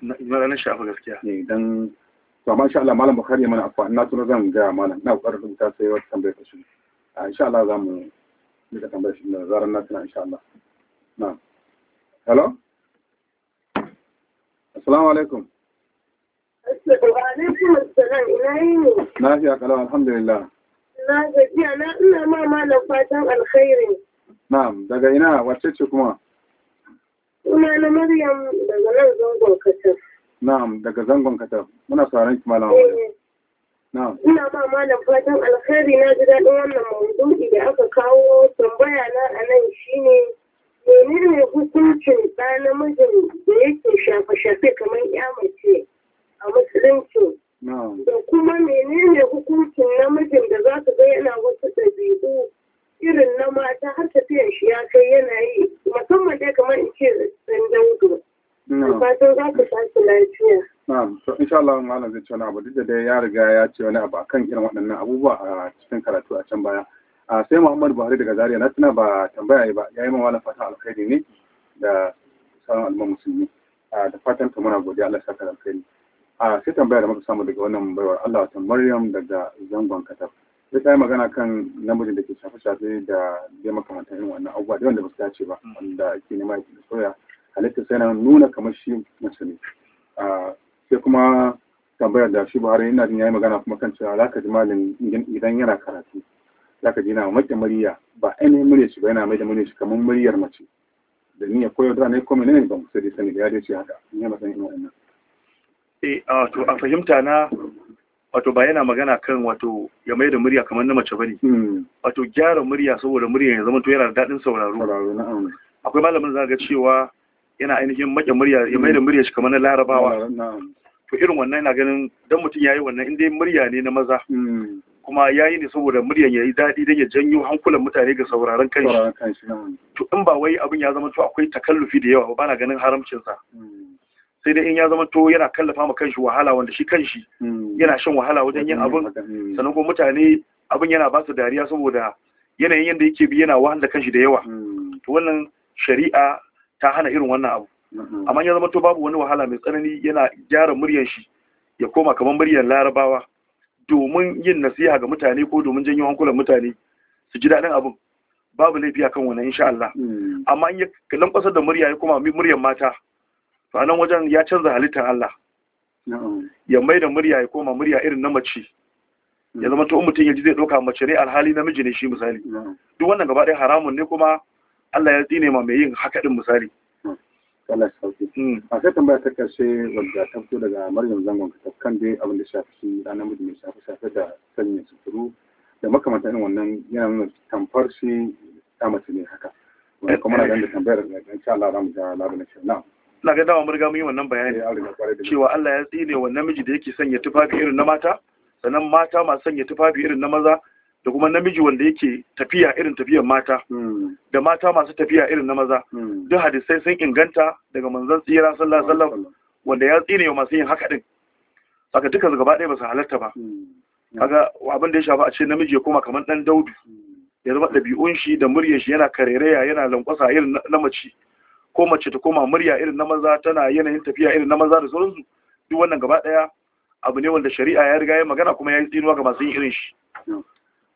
na sha'afa gaskiya ne eh, dan to amma insha Allah malam Buhari mana ga malam na rubuta sai wata tambayar ta Allah za mu duka tambayar shi zaran na Allah hello alaikum Na Lafiya kalau alhamdulillah. Na gajiya na ina ma malam fatan alkhairi. Na, daga ina wacce ce kuma? Ina na Maryam daga nan zangon katar. Na, daga zangon katar. Muna sauran ki malam. Eh. Na'am. Ina ma malam fatan alkhairi na ji daɗin wannan maudu'i da aka kawo tambaya na a nan shine menene hukuncin ɗa namijin da yake shafe-shafe kamar ƴa mace. a musulunci da kuma menene hukuncin namijin da za ka ga yana wasu ɗabi'u irin na mata har tafiyan shi ya kai yana yi musamman dai kamar in ce ɗan daudu. Fatan za ka tashi lafiya. Na'am, to insha Allah malam zai ci wani abu duk da dai ya riga ya ce wani abu akan irin waɗannan abubuwa a cikin karatu a can baya. A sai Muhammadu Buhari daga Zaria na tuna ba tambaya ba ya yi malam fatan alkhairi ne da sauran al'umma musulmi. Da fatan ta muna godiya Allah saka alkhairi. a sai tambaya da muka samu daga wannan baiwar Allah ta Maryam daga zangon Katab sai ta yi magana kan namijin da ke shafe-shafe da dai makamantar, irin wannan abubuwa da wanda ba su dace ba wanda ke nema da soya halitta sai na nuna kamar shi mace ne sai kuma tambayar da shi Buhari ina jin yayi magana kuma kan cewa ka ji malin idan yana karatu ka ji yana mace murya ba ainihin murya shi ba yana mai da murya shi kamar muryar mace da ni ya koyar da ne ko ne ba mu sai dai sani da ya dace haka ni ya masani irin wannan wato eh, a fahimta na wato ba yana magana kan wato ya mai da murya kamar na mace bane hmm. wato gyara murya saboda murya ya zama to yana da dadin sauraro akwai malamin za ga cewa yana ainihin maƙe murya ya mai da hmm. murya shi kamar na larabawa to irin wannan yana ganin dan mutum yayi wannan in dai murya ne na maza hmm. kuma yayi ne saboda muryan yayi daɗi dan ya janyo hankulan mutane ga sauraron kanshi to in ba wai abin ya zama to akwai takallufi da yawa ba na ganin haramcin sa sai dai in ya zama to yana kallafa ma kanshi wahala wanda shi kanshi hmm. yana shan wahala wajen yin abin hmm. sannan kuma mutane abin yana ba su dariya saboda yanayin yadda yake bi yana wahala kanshi da yawa hmm. to wannan shari'a ta hana irin wannan abu amma ya zama to babu wani wahala mai tsanani yana gyara muryar shi ya koma kamar muryar larabawa domin yin nasiha ga mutane ko domin janyo hankulan mutane su ji daɗin abin babu laifi akan wannan insha Allah amma in ya lankwasar da murya ya koma muryar mata to wajen ya canza halittar Allah ya mai da murya ya koma murya irin na mace ya zama to mutum ya ji zai ɗauka mace ne alhali namiji ne shi misali duk wannan gaba ɗaya haramun ne kuma Allah ya tsine ma mai yin haka ɗin misali Allah sauki. Hmm. A sai tambaya ta karshe wadda ta fito daga Maryam Zangon ka kan dai abin da shafi da namiji mai shafi shafi da sanya suturu da makamanta irin wannan yana nuna tamfar shi ta mace ne haka. Wani kuma na ganin tambayar da insha Allah za mu ja labarin shi. Na'am. ina ga dawa murga mu yi wannan bayani eh, cewa Allah ya tsine wa namiji da yake sanya tufafi irin na mata sannan mata masu sanya tufafi irin na maza da kuma namiji wanda yake tafiya irin tafiyar mata hmm. da mata masu tafiya irin na maza hmm. duk hadisai sun inganta daga manzon tsira sallallahu alaihi wasallam wanda ya tsine wa masu yin haka din haka duka gaba ɗaya ba su halarta ba hmm. kaga abin da ya shafa a ce namiji ya koma kamar dan daudu ya zama ɗabi'un shi da muryar shi yana karereya yana lankwasa irin na mace ko mace ta koma murya irin na maza tana yanayin tafiya irin na maza da sauransu duk wannan gaba daya abu ne wanda shari'a ya riga ya magana kuma ya yi tsinuwa ga masu yin irin shi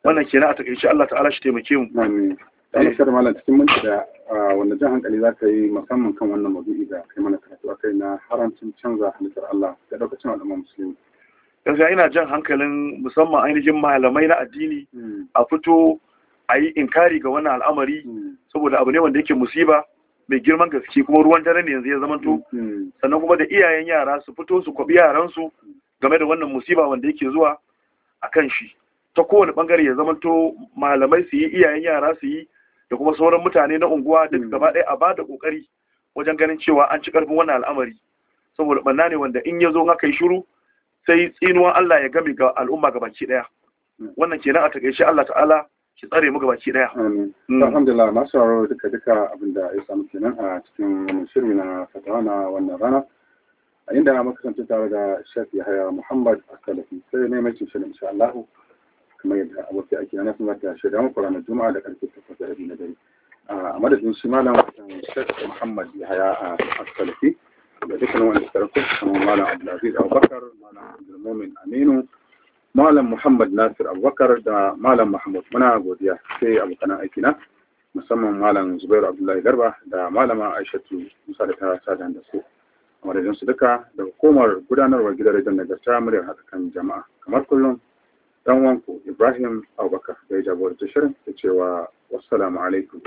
wannan kenan a takaice Allah ta'ala shi taimake mu amin Allah eh. sar malam cikin minti da wanda jan hankali za ka yi musamman kan wannan maudu'i da kai mana karatu akai na harancin canza halittar Allah ga daukacin al'umma musulmi Gaskiya ina jan hankalin musamman ainihin malamai na addini hmm. a fito a yi inkari ga wannan al'amari hmm. saboda abu ne wanda yake musiba mai girman gaske kuma ruwan dare ne yanzu ya zamanto sannan kuma da iyayen yara su fito su kwabi su game da wannan musiba wanda yake zuwa a kan shi ta kowane bangare ya zamanto malamai su yi iyayen yara su yi da kuma sauran mutane na unguwa duk mm. gaba ɗaya a ba da kokari wajen ganin cewa an ci karfin wannan al'amari saboda ɓanna ne wanda in ya zo haka yi shiru sai tsinuwan Allah ya gami ga al'umma gabaki ɗaya mm. wannan kenan a takaice Allah ta'ala ki tsare mu gabaki daya amin hmm. alhamdulillah masu sauraro duka duka abinda ya samu kenan a cikin wannan shirmi na fatawa wannan rana a inda muka kasance tare da shafi yahaya muhammad asalafi sai ne mai cikin insha Allah kamar yadda aboki ake yana kuma ta shirya muku ranar juma'a da karfe takwas da na dare a madadin shi malam shafi muhammad yahaya asalafi da dukkanin wanda suka rakuta kamar malam abdulaziz abubakar malam abdulmumin aminu malam muhammad nasir abubakar da malam mahmud muna godiya sai abokan aiki na musamman malam zubairu abdullahi garba da malama aishatu musa da ta sadan da su a su duka da hukumar gudanarwar gidan rajin ta muryar haɗa kan jama'a kamar kullum dan wanku ibrahim abubakar da ya jagoranci shirin da cewa wassalamu alaikum